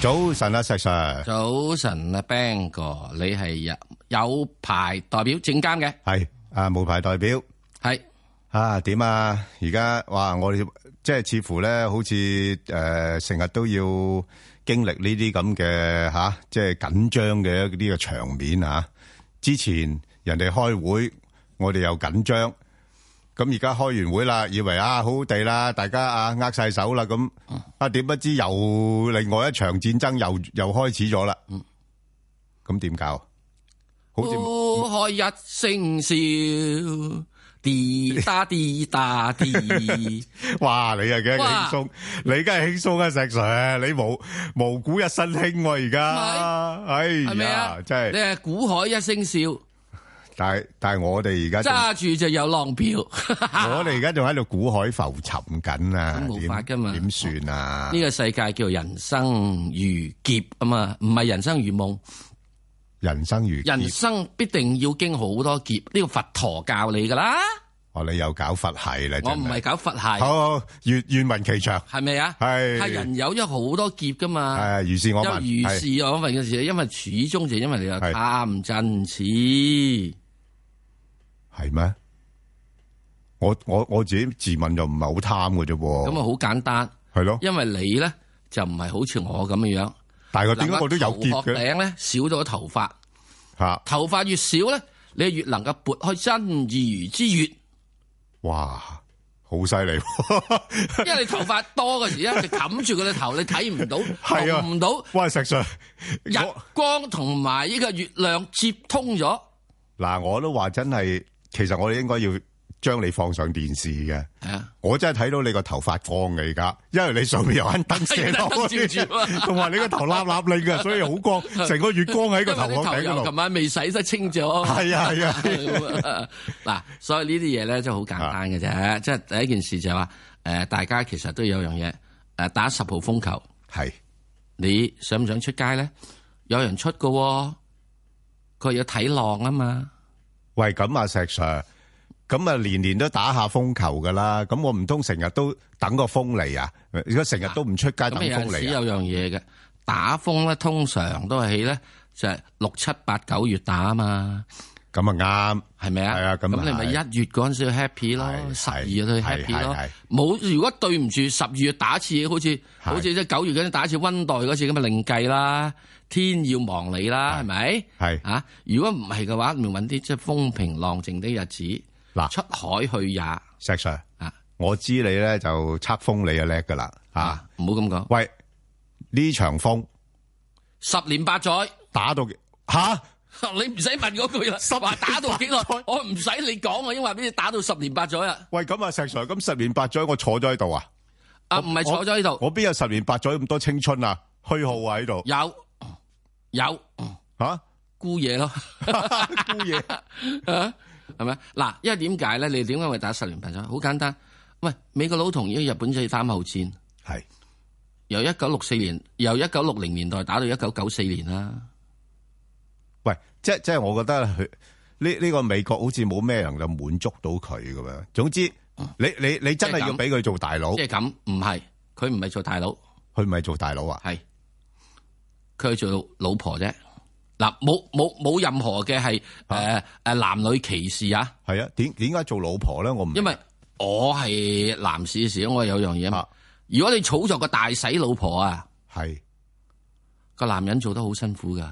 早晨啊，石 Sir！早晨啊，Bang 哥，你係有有牌代表證監嘅？係啊，冇牌代表係啊？點啊？而家哇，我哋即係似乎咧，好似誒成日都要經歷呢啲咁嘅吓，即係緊張嘅呢個場面啊！之前人哋開會，我哋又緊張。咁而家開完會啦，以為啊好好地啦，大家啊握晒手啦，咁、嗯、啊點不知又另外一場戰爭又又開始咗啦。咁點搞？古海一聲笑嘀，滴答滴答滴。哇， 你又幾輕鬆？你梗係輕鬆啊石 Sir，你無無古一身輕喎、啊，而家係咩啊？真係你係古海一聲笑。但係但係，我哋而家揸住就有浪票。我哋而家仲喺度苦海浮沉緊啊！冇法㗎嘛？點算啊？呢個世界叫人生如劫啊嘛，唔係人生如夢。人生如人生必定要經好多劫。呢個佛陀教你㗎啦。哦，你又搞佛系啦？我唔係搞佛系。好好，願願聞其詳係咪啊？係。係人有咗好多劫㗎嘛？係，如是我聞。如是我聞嘅時，因為始終就因為你又貪嗔痴。係咩？我我我自己自問就唔係好貪㗎啫喎，咁啊，好簡單。係咯，因為你咧就唔係好似我咁樣。樣。但係個點解我都有跌嘅？頂咧少咗頭髮吓，頭髮越少咧，你越能夠撥開真如之月。哇，好犀利！因為你頭髮多嘅時，一直冚住個頭，你睇唔到，冚 唔、啊、到。喂，石上，日光同埋呢個月亮接通咗。嗱，我都話真係。其實我哋應該要將你放上電視嘅，啊，我真係睇到你個頭發光嘅而家，因為你上面有盞燈射到，同埋你個頭笠笠你啊， 所以好很光，成 個月光喺個頭殼頂度。琴晚未洗得清咗，係啊係啊。嗱，啊，啊、 所以呢啲嘢咧，真係好簡單嘅啫。即係、啊、第一件事就係話，誒，大家其實都有樣嘢，誒，打十號風球，係你想唔想出街咧？有人出嘅，佢要睇浪啊嘛。喂，咁啊，石 Sir，咁啊，年年都打下風球噶啦，咁我唔通成日都等個風嚟啊？如果成日都唔出街，等風嚟。有樣嘢嘅打風咧，通常都係起咧就係六七八九月打啊嘛。咁啊啱，係咪啊？係啊，咁咁你咪一月嗰陣時 happy 咯，十二月都 happy 咯。冇，如果對唔住，十二月打一次，好似好似即係九月嗰陣打一次溫帶嗰次咁啊，另計啦。天要亡你啦，係咪？係啊，如果唔係嘅話，咪搵啲即係風平浪靜啲日子嗱，出海去也。石 Sir 啊，我知你咧就測風你又叻噶啦啊，唔好咁講。喂，呢場風十年八載打到幾吓、啊，你唔使問嗰句啦，十話打到幾耐？我唔使你講啊，因為俾你打到十年八載啊。喂，咁啊，石 Sir，咁十年八載我坐咗喺度啊？啊，唔係坐咗喺度，我邊有十年八載咁多青春啊？虛耗啊喺度。有。有吓孤嘢咯，孤嘢吓係咪啊？嗱，因為點解咧？你點解會打十年戰爭？好簡單，喂，美國佬同啲日本仔打後戰係由一九六四年，由一九六零年代打到一九九四年啦。喂，即即係我覺得佢呢呢個美國好似冇咩能夠滿足到佢咁樣。總之，嗯、你你你真係要俾佢做大佬，即係咁唔係佢唔係做大佬，佢唔係做大佬啊？係。佢做老婆啫，嗱，冇冇冇任何嘅係誒誒男女歧視啊？係啊，點點解做老婆咧？我唔因為我係男士嘅時候，我有樣嘢啊。如果你儲咗個大洗老婆啊，係個男人做得好辛苦噶。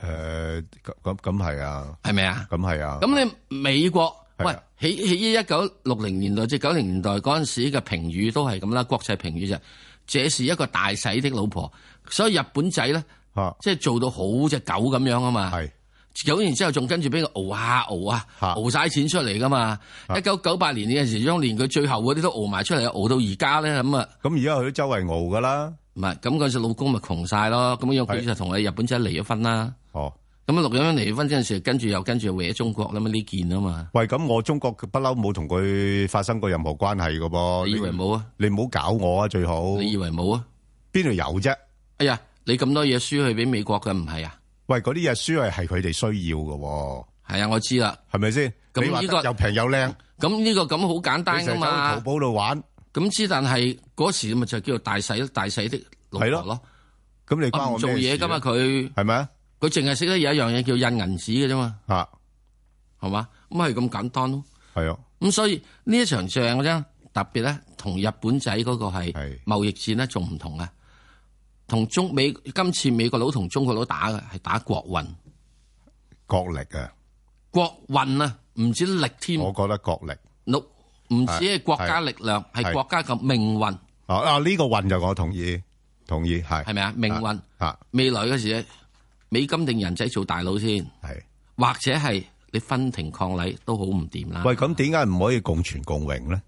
誒、呃，咁咁咁係啊？係咪啊？咁係啊？咁你美國、啊、喂起起於一九六零年代至九零年代嗰陣時嘅評語都係咁啦，國際評語就這是一個大洗的老婆。所以日本仔咧、啊，即係做到好似狗咁樣啊嘛。係，九年之後仲跟住俾佢熬下熬啊，熬、啊、晒錢出嚟噶嘛。一九九八年呢陣時候，將連佢最後嗰啲都熬埋出嚟，熬到而家咧咁啊。咁而家佢都周圍熬噶啦，唔係咁嗰隻老公咪窮晒咯。咁樣佢就同你日本仔離咗婚啦。哦，咁啊，咁樣離咗婚嗰陣時，跟住又跟住搵中國啦嘛呢件啊嘛。喂，咁我中國不嬲冇同佢發生過任何關係噶噃。你以為冇啊？你唔好搞我啊！最好。你以為冇啊？邊度有啫？哎呀，你咁多嘢輸去俾美國嘅唔係啊？喂，嗰啲嘢輸係係佢哋需要嘅。係啊，我知啦，係咪先？咁、嗯、呢個又平又靚。咁呢個咁好簡單噶嘛？喺淘寶度玩。咁知，但係嗰時咪就叫大細大細做大細大細啲奴咯。咁你幫我做嘢噶嘛？佢係咪啊？佢淨係識得有一樣嘢叫印銀紙嘅啫嘛。吓、啊，係嘛？咁係咁簡單咯。係啊。咁所以呢一場仗啫，特別咧，同日本仔嗰個係貿易戰呢，仲唔同啊？同中美今次美國佬同中國佬打嘅，係打國運、國力啊，國運啊，唔止力添。我覺得國力，六唔止係國家力量，係國家嘅命運。哦，啊呢個運就我同意，同意係。係咪啊？命運啊！未來嗰時，美金定人仔做大佬先，係或者係你分庭抗禮都好唔掂啦。喂，咁點解唔可以共存共榮咧？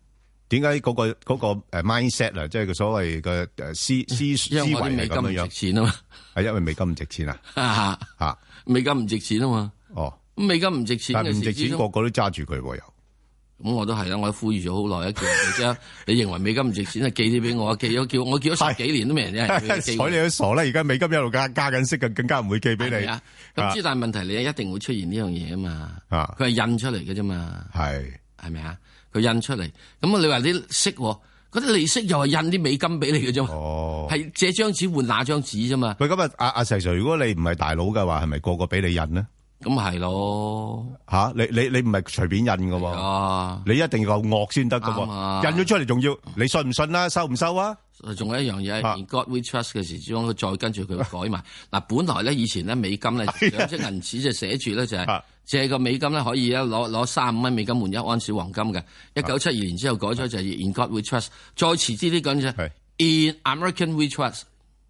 點解嗰個、嗰個誒 mindset 啊，即係個所謂嘅思思思維，美金唔值錢啊嘛，係因為美金唔值錢啊，吓， 美金唔值錢啊嘛。哦，美金唔值錢，但係唔值錢，個個都揸住佢又。咁我都係啦，我呼籲咗好耐一句，即係你認為美金唔值錢啊，寄啲俾我，我寄咗叫，我叫咗十幾年都未人咧，睬 你， 你都傻啦。而家美金一路加加緊息，更更加唔會寄俾你。咁 之、啊嗯、但係問題你一定會出現呢樣嘢啊嘛。佢係印出嚟嘅啫嘛。係係咪啊？佢印出嚟，咁啊你話你息，嗰啲利息又係印啲美金俾你嘅啫哦，係借張紙換那張紙啫嘛。喂，咁啊，阿、啊、阿石 Sir，如果你唔係大佬嘅話，係咪個個俾你印咧？咁係咯嚇、啊，你你你唔係隨便印噶喎，你一定要夠惡先得噶喎。印咗出嚟仲要你信唔信啦、啊？收唔收啊？仲有一樣嘢、啊，in God we trust 嘅時陣，再跟住佢改埋嗱、啊啊。本來咧，以前咧美金咧兩隻銀紙就寫住咧就係借個美金咧可以攞攞三五蚊美金換一安士黃金嘅。一九七二年之後改咗就係 in God we trust，再遲啲啲咁就 in American we trust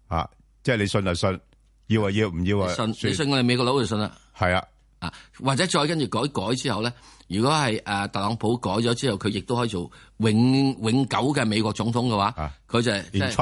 啊，即係你信就信，要啊要，唔要啊？你信我哋美國佬就信啦。係啊，啊或者再跟住改改之後咧，如果係誒、啊、特朗普改咗之後，佢亦都可以做永永久嘅美國總統嘅話，啊佢就係、是 in, 就是、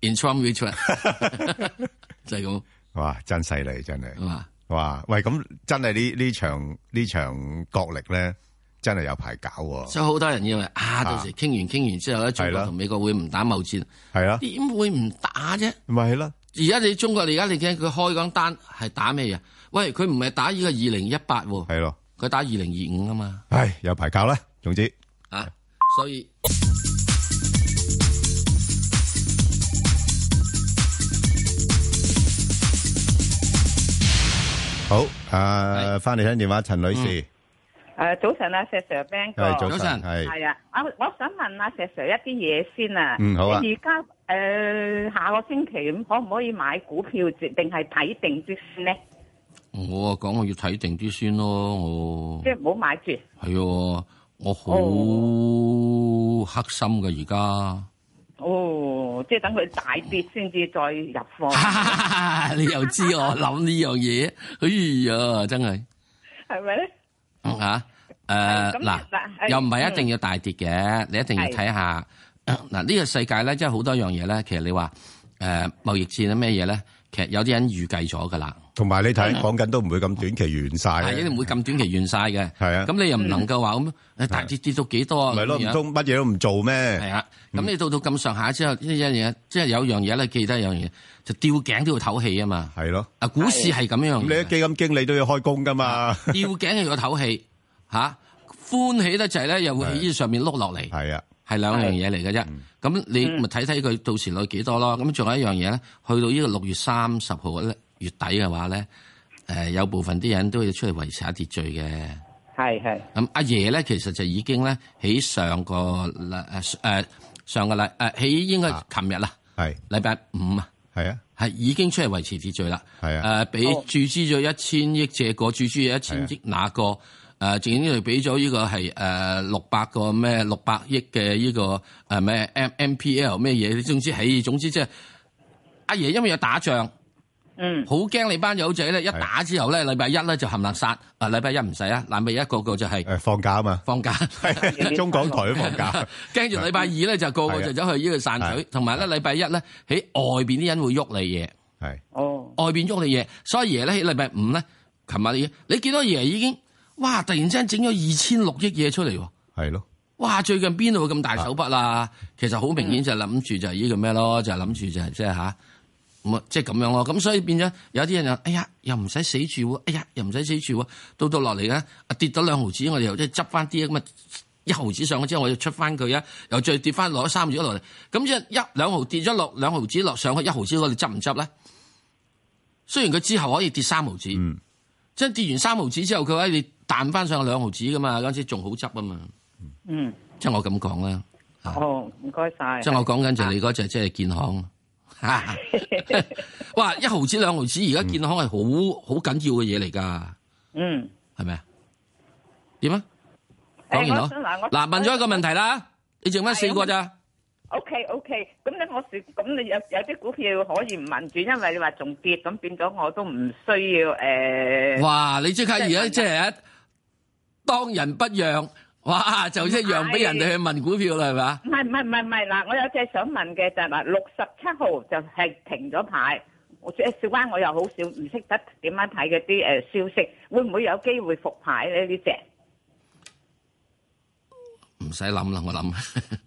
In Trump in 就係咁哇，真犀利真係哇，哇喂咁真係呢呢場呢場角力咧真係有排搞，所以好多人認為啊，啊，到時傾完傾完之後咧，中國同、啊、美國會唔打貿易戰，係啊？點會唔打啫？咪啦、啊！而家你中國，而家你睇佢開嗰單係打咩嘢？喂，佢唔係打呢個二零一八喎，係咯，佢打二零二五啊嘛，係有排搞啦。總之啊，所以好啊，翻嚟聽電話，陳女士。誒，早晨啊，石 Sir，Bang 哥，早晨，係係啊，我我想問阿石 Sir 一啲嘢先啊。嗯，好啊。而家誒，下個星期咁，可唔可以買股票，定係睇定啲先咧？我啊講我要睇定啲先咯，我即係唔好買住。係、啊，我好黑心噶而家。哦，即係等佢大跌先至再入貨、 啊。你又知 我諗呢樣嘢？哎呀，真係係咪咧吓？誒，嗱、嗯啊呃嗯呃就是，又唔係一定要大跌嘅、嗯，你一定要睇下嗱呢、呃呢個世界咧，即係好多樣嘢咧。其實你話誒、呃、貿易戰係咩嘢咧？其實有啲人預計咗噶啦，同埋你睇講緊都唔會咁短期完曬，係一定唔會咁短期完曬嘅。係啊，咁你又唔能夠話咁，大跌跌到幾多啊？係咯，唔通乜嘢都唔做咩？係啊，咁你到到咁上下之後呢一樣嘢，即係有樣嘢咧，記得一樣嘢，就吊頸都要唞氣啊嘛。係咯，啊股市係咁樣嘅，你啲基金經理都要開工噶嘛。吊頸要唞氣嚇，歡喜得滯咧，又會喺呢上面碌落嚟。係啊。係兩樣嘢嚟嘅啫，咁、嗯、你咪睇睇佢到時攞幾多咯。咁、嗯、仲有一樣嘢咧，去到呢個六月三十號咧月底嘅話咧，誒有部分啲人都要出嚟維持下秩序嘅。係係。咁阿爺咧，其實就已經咧喺上，上個禮誒誒、啊、上個禮誒喺、啊、應該琴日啦，係禮拜五啊，係啊，係已經出嚟維持秩序啦。係啊，誒俾注資咗一千億借過，這個注資咗一千億那個誒、啊，正經呢度俾咗呢個係誒六百個咩六百億嘅呢、這個誒咩 M M P L 咩嘢？總之喺、哎、總之即係阿爺，爺，因為有打仗，嗯，好驚你班友仔咧，一打之後咧，禮拜一咧就冚唥殺，啊禮拜一唔使啊，禮拜一個個，個就係、是、放假啊嘛，放假， 中港台放假，驚住禮拜二咧就個個就走去個呢度散水，同埋咧禮拜一咧喺外面啲人會喐你嘢，係哦外面喐你嘢，所以爺咧喺禮拜五咧，琴日你見到爺，爺已經。哇！突然之間整咗二千六億嘢出嚟喎，係咯！哇！最近邊度會咁大手筆啊？其實好明顯就係諗住就係呢個咩咯？就係諗住就係即係吓，咁啊即係咁樣咯。咁所以變咗有啲人就哎呀，又唔使死住喎！哎呀，又唔使死住喎！到到落嚟啊，跌咗兩毫子，我哋又即係執翻啲咁啊！一毫子上去之後，我要出翻佢啊！又再跌翻攞三毫落嚟，咁即一兩毫跌咗落兩毫子落上去一毫子，我哋執唔執咧？雖然佢之後可以跌三毫子、嗯，即係跌完三毫子之後，佢話，你彈翻上兩毫子噶嘛，嗰陣時仲好執啊嘛。嗯，即係我咁講啦。哦，唔該晒。即係我講緊就係你嗰隻即係健康。哇，一毫子兩毫子，而家健康係好好緊要嘅嘢嚟噶。嗯，係咪啊？點啊？講完好。嗱，問咗一個問題啦，你做乜四個咋？O K O K，咁咧我選，咁你有有啲股票可以唔問住，因為你話仲跌，咁變咗我都唔需要誒。哇，你即刻而家即係一。當仁不讓，哇！就一樣俾人哋去問股票啦，係嘛？唔係唔係唔係，嗱，我有隻想問嘅就係話六十七號就係停咗牌。我誒，小灣我又好少唔識得點樣睇嗰啲誒消息，會唔會有機會復牌咧？呢隻唔使諗啦，我諗。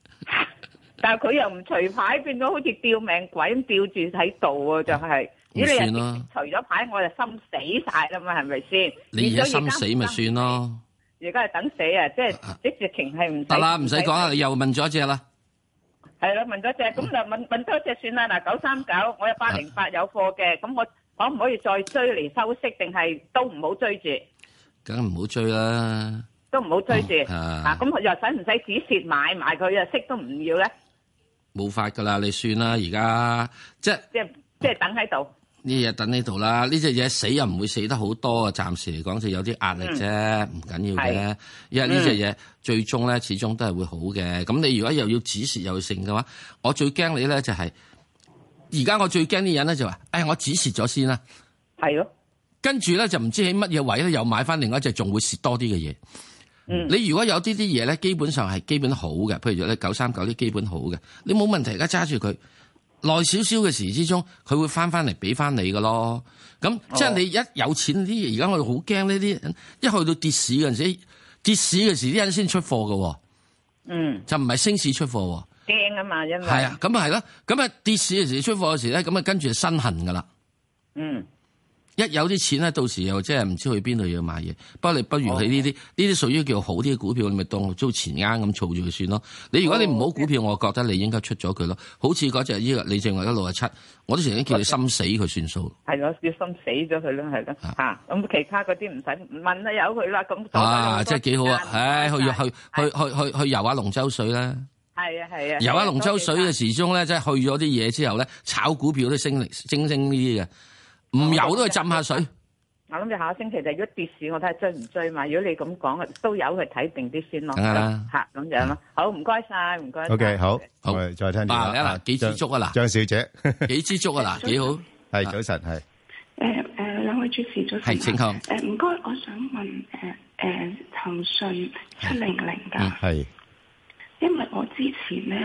但係佢又唔除牌，變咗好似吊命鬼咁吊住喺度啊！就係，算啦，如果你除咗牌，我就心死晒啦嘛，係咪先？你而家心死咪算咯。而家係等死啊！即係啲疫情係唔得啦，唔使講啦，你又問咗一隻啦。係啦，問咗一隻，咁就問問多一隻算啦。嗱，九三九，我有八零八有貨嘅，咁我可唔可以再追嚟收息，定係都唔好追住？梗唔好追啦，都唔好追住啊！咁又使唔使止蝕買埋佢啊？息都唔要咧？冇法噶啦，你算啦，而家即係即係即係等喺度。呢嘢等呢度啦，呢隻嘢死又唔會死得好多啊，暫時嚟講就有啲壓力啫，唔緊要嘅，因為呢隻嘢最終咧始終都係會好嘅。咁、嗯、你如果又要止蝕又升嘅話，我最驚你咧就係而家我最驚啲人咧就話，哎，我止蝕咗先啦，係咯，跟住咧就唔知喺乜嘢位咧又買翻另外一隻仲會蝕多啲嘅嘢。你如果有啲啲嘢咧，基本上係基本好嘅，譬如話你九三九啲基本好嘅，你冇問題而家揸住佢。耐少少嘅時之中，佢會翻翻嚟俾翻你嘅咯。咁即係你一有錢啲，而家我哋好驚呢啲，一去到跌市嗰陣時，跌市嘅時啲人先出貨嘅。嗯，就唔係升市出貨。驚啊嘛，因為係啊，咁啊係咯，咁啊跌市嘅時出貨嘅時咧，咁啊跟住就身痕噶啦。嗯。一有啲錢咧，到時又即係唔知去邊度要買嘢，不過你不如去呢啲呢啲屬於叫好啲嘅股票，你咪當做錢啱咁儲住佢算咯。你如果你唔好股票，oh, 我覺得你應該出咗佢咯。好似嗰隻呢個李正華一六係七，我都曾經叫你心死佢算數。係、okay. 咯，要心死咗佢啦，係咯。嚇，咁其他嗰啲唔使問都由佢啦。咁哇、啊啊，即係幾好啊！唉、哎，去去去去去去，去，去，去遊下龍舟水啦。係啊係啊，遊下龍舟水嘅時鐘咧，即係去咗啲嘢之後咧，炒股票都升升升呢啲嘅。唔有都去浸下水。我諗住下個星期就如果跌市，我睇下追唔追嘛？如果你咁講，都有去睇定啲先咯。梗、啊、啦，吓咁、啊、樣咯、嗯。好，唔該晒，唔該。O、okay, K，好，再再聽下啦、啊。幾知足啊嗱，張小， 小姐，幾支足啊嗱，幾好。係早晨，係。誒誒，兩位主持早晨。係，請誒、唔、啊、該，我想問誒誒騰訊七零零噶。係、嗯。因為我之前咧，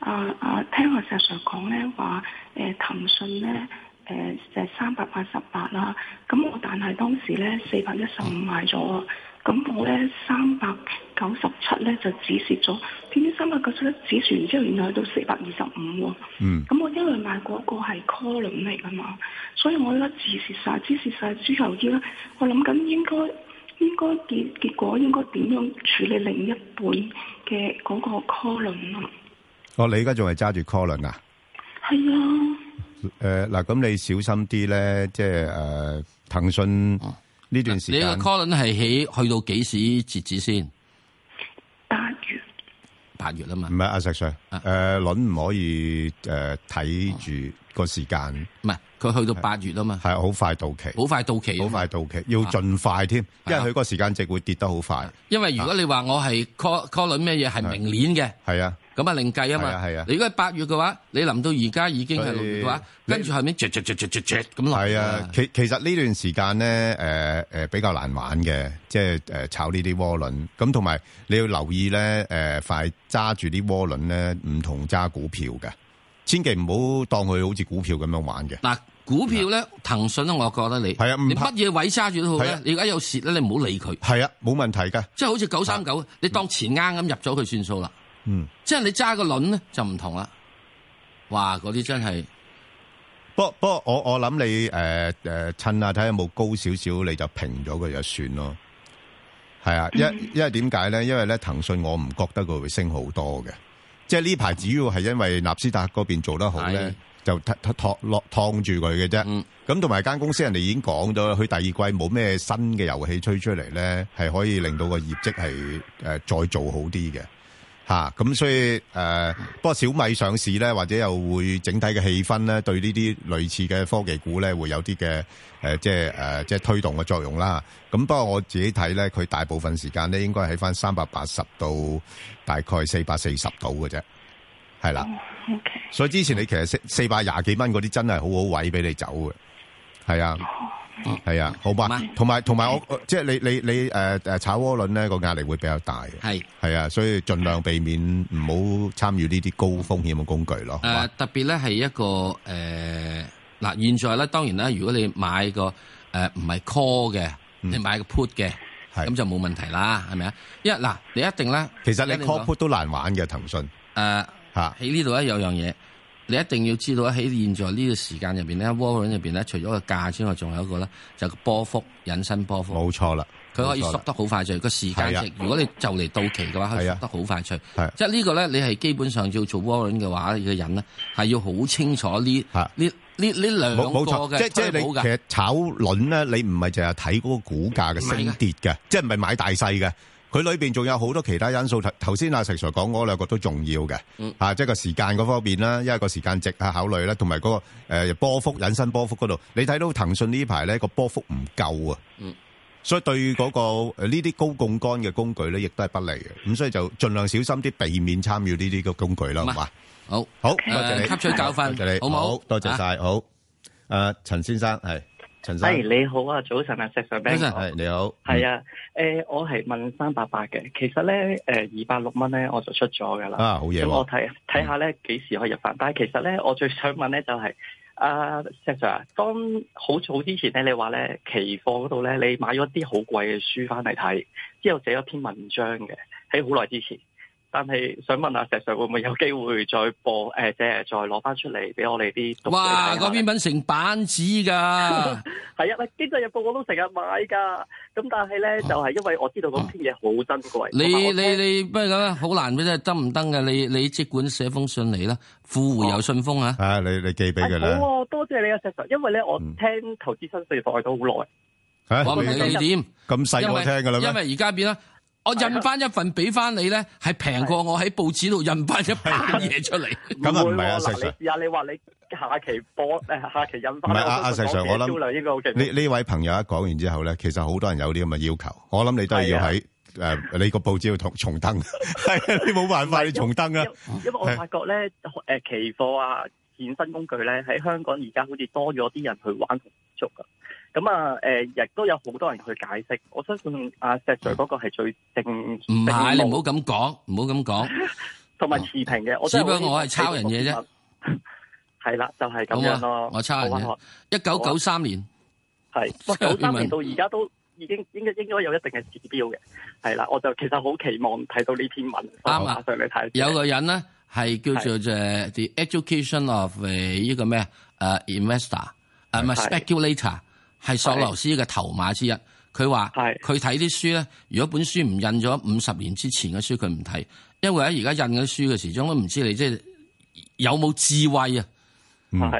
啊、呃、啊，聽我常常講咧話，誒騰訊咧。誒、呃、就係三百八十八啦，咁我但係當時咧四百一十五買咗，咁、嗯、我咧三百九十七咧就止蝕咗，點知三百九十七止蝕完之後，原來去到四百二十五喎。嗯，咁我因為買嗰個係 call 輪嚟㗎嘛，所以我覺得止蝕晒、止蝕晒之後之後，我諗緊應該應該結結果應該點樣處理另一半嘅嗰個 call 輪啊？哦，你而家仲係揸住 call 輪啊？係啊！誒、呃，嗱，咁你小心啲咧，即係誒，騰訊呢段時間、啊，你個 call 輪係起去到幾時截止先？八月，八月啊嘛。唔係阿石 Sir，誒、啊，輪、呃、唔可以誒睇住個時間，唔係佢去到八月啊嘛，係好快到期，好快，快到期，好快到期，要盡快添、啊，因為佢個時間值會跌得好快、啊。因為如果你話我係 call call 輪咩嘢，係明年嘅，係啊。咁啊，另計啊嘛。啊，如果係八月嘅話，你臨到而家已經係六月嘅話，跟住後面嚼嚼嚼嚼嚼咁落。啊，其其實呢段時間咧，誒、呃、比較難玩嘅，即、就、係、是呃、炒呢啲渦輪。咁同埋你要留意咧，快揸住啲渦輪咧，唔同揸股票嘅。千祈唔好當佢好似股票咁樣玩嘅。嗱、啊，股票咧、啊，騰訊咧，我覺得你你啊，你乜嘢位揸住都好嘅、啊，你而家有蝕咧，你唔好理佢。係啊，冇問題㗎。即係好似九三九，你當錢啱咁入咗佢算數啦。嗯，即係你揸個輪咧，就唔同啦。哇，嗰啲真係。不過，不過我我諗你誒誒、呃，趁下睇下有冇高少少，你就平咗佢就算咯。係啊，因因為點解咧？因為咧，騰訊我唔覺得佢會升好多嘅。即係呢排主要係因為納斯達嗰邊做得好咧，就托落燙住佢嘅啫。咁同埋間公司人哋已經講咗，佢第二季冇咩新嘅遊戲推出嚟，咧，係可以令到個業績係誒再做好啲嘅。吓、啊，咁所以誒、呃，不過小米上市咧，或者又會整體嘅氣氛咧，對呢啲類似嘅科技股咧，會有啲嘅誒，即係誒、呃，即係推動嘅作用啦。咁不過我自己睇咧，佢大部分時間咧，應該喺翻三百八十到大概四百四十度嘅啫，係啦。Oh, okay. 所以之前你其實四四百廿幾蚊嗰啲真係好好位俾你走嘅，係啊。係啊，好吧。同埋同埋，我即係你你你誒誒炒渦輪咧個壓力會比較大嘅。係係啊，所以盡量避免唔好參與呢啲高風險嘅工具咯。誒，特別咧係一個誒嗱，現在咧當然咧，如果你買個誒唔係 call 嘅，你買個 put 嘅，咁就冇問題啦，係咪啊？因為嗱，你一定咧，其實你 call put 都難玩嘅騰訊。誒吓喺呢度咧有樣嘢。你一定要知道喺現在呢個時間入邊咧，warrant 入邊咧，除咗個價之外，仲有一個咧，就係波幅，引伸波幅。冇錯啦，佢可以縮得好快脆，個時間值。如果你就嚟到期嘅話，可以縮得好快脆。即係呢個咧，你係基本上要做 warrant 嘅話的，嘅人咧係要好清楚呢嚇，呢呢呢兩個冇錯嘅，即係即係其實炒輪咧，你唔係淨係睇嗰個股價嘅升跌嘅，即係唔係買大細嘅。佢裏邊仲有好多其他因素，頭頭先阿石 sir 講嗰兩個都重要嘅。啊，即係個時間嗰方面啦，因為個時間值啊，考慮啦，同埋嗰個誒波幅，引伸波幅嗰度，你睇到騰訊呢排咧個波幅唔夠啊，所以對嗰個呢啲高槓桿嘅工具咧，亦都係不利嘅，咁所以就盡量小心啲，避免參與呢啲嘅工具啦，好嘛，好好，多謝你吸取教訓，多謝你，好唔好？多謝晒，好，誒，陳先生係。陳生，哎你好啊，早晨啊，石 Sir，你好，係你好，係啊，誒、呃，我係問三八八嘅，其實咧，誒、呃，二百六蚊咧，我就出咗噶啦，啊好嘢，咁、啊、我睇睇下咧，幾時可以入翻？但係其實咧，我最想問咧就係、是，阿、呃、石 Sir，、啊、當好早之前咧，你話咧期貨嗰度咧，你買咗啲好貴嘅書翻嚟睇，之後寫咗篇文章嘅，喺好耐之前。但係想問下石 Sir 會唔會有機會再播誒，即、呃、係再攞翻出嚟俾我哋啲哇！嗰篇品成板紙噶，係 啊！經濟日報我都成日買噶，咁但係咧、啊、就係、是、因為我知道嗰篇嘢好珍貴。你你你不如講咧？好難嘅，你登唔登嘅？你你即管寫封信嚟啦，附回有信封啊！啊，你你寄俾佢啦，哦，多謝你啊，石 Sir，因為咧我聽投資新勢代都好耐。吓、啊，我唔明你點咁細我聽嘅，咧因為而家變啦。我印翻一份俾翻你咧，係平過我喺報紙度印翻一份嘢出嚟。咁唔係啊，阿石 Sir。試下你話你下期播，下期印翻。唔係阿阿石 Sir，我諗呢呢位朋友一講完之後咧，其實好多人有啲咁嘅要求。我諗你都要喺誒你個報紙度重登，係啊，你冇辦法你重登啊。因為我發覺咧，誒期貨啊、衍生工具咧喺香港而家好似多咗啲人去玩同接觸啊。咁、嗯、啊，誒，亦都有好多人去解釋。我相信阿石聚嗰個係最正。唔係，你唔好咁講，唔好咁講。同埋持平嘅、嗯，我只不過我係抄人嘢啫。係啦， 就係、是、咁樣咯。我抄人嘢。一九九三年，係九三年到而家都已經應該應該有一定嘅指標嘅。係 啦，我就其實好期望睇到呢篇文，啱、嗯、馬、啊、上嚟睇。有個人咧係叫做即係 The Education of 呢個咩？誒、uh,，Investor，唔係、uh, Speculator。Uh, 係索羅斯嘅頭馬之一，佢話佢睇啲書咧。如果本書唔印咗五十年之前嘅書，佢唔睇，因為喺而家印嘅書嘅時，總都唔知你即係有冇智慧啊。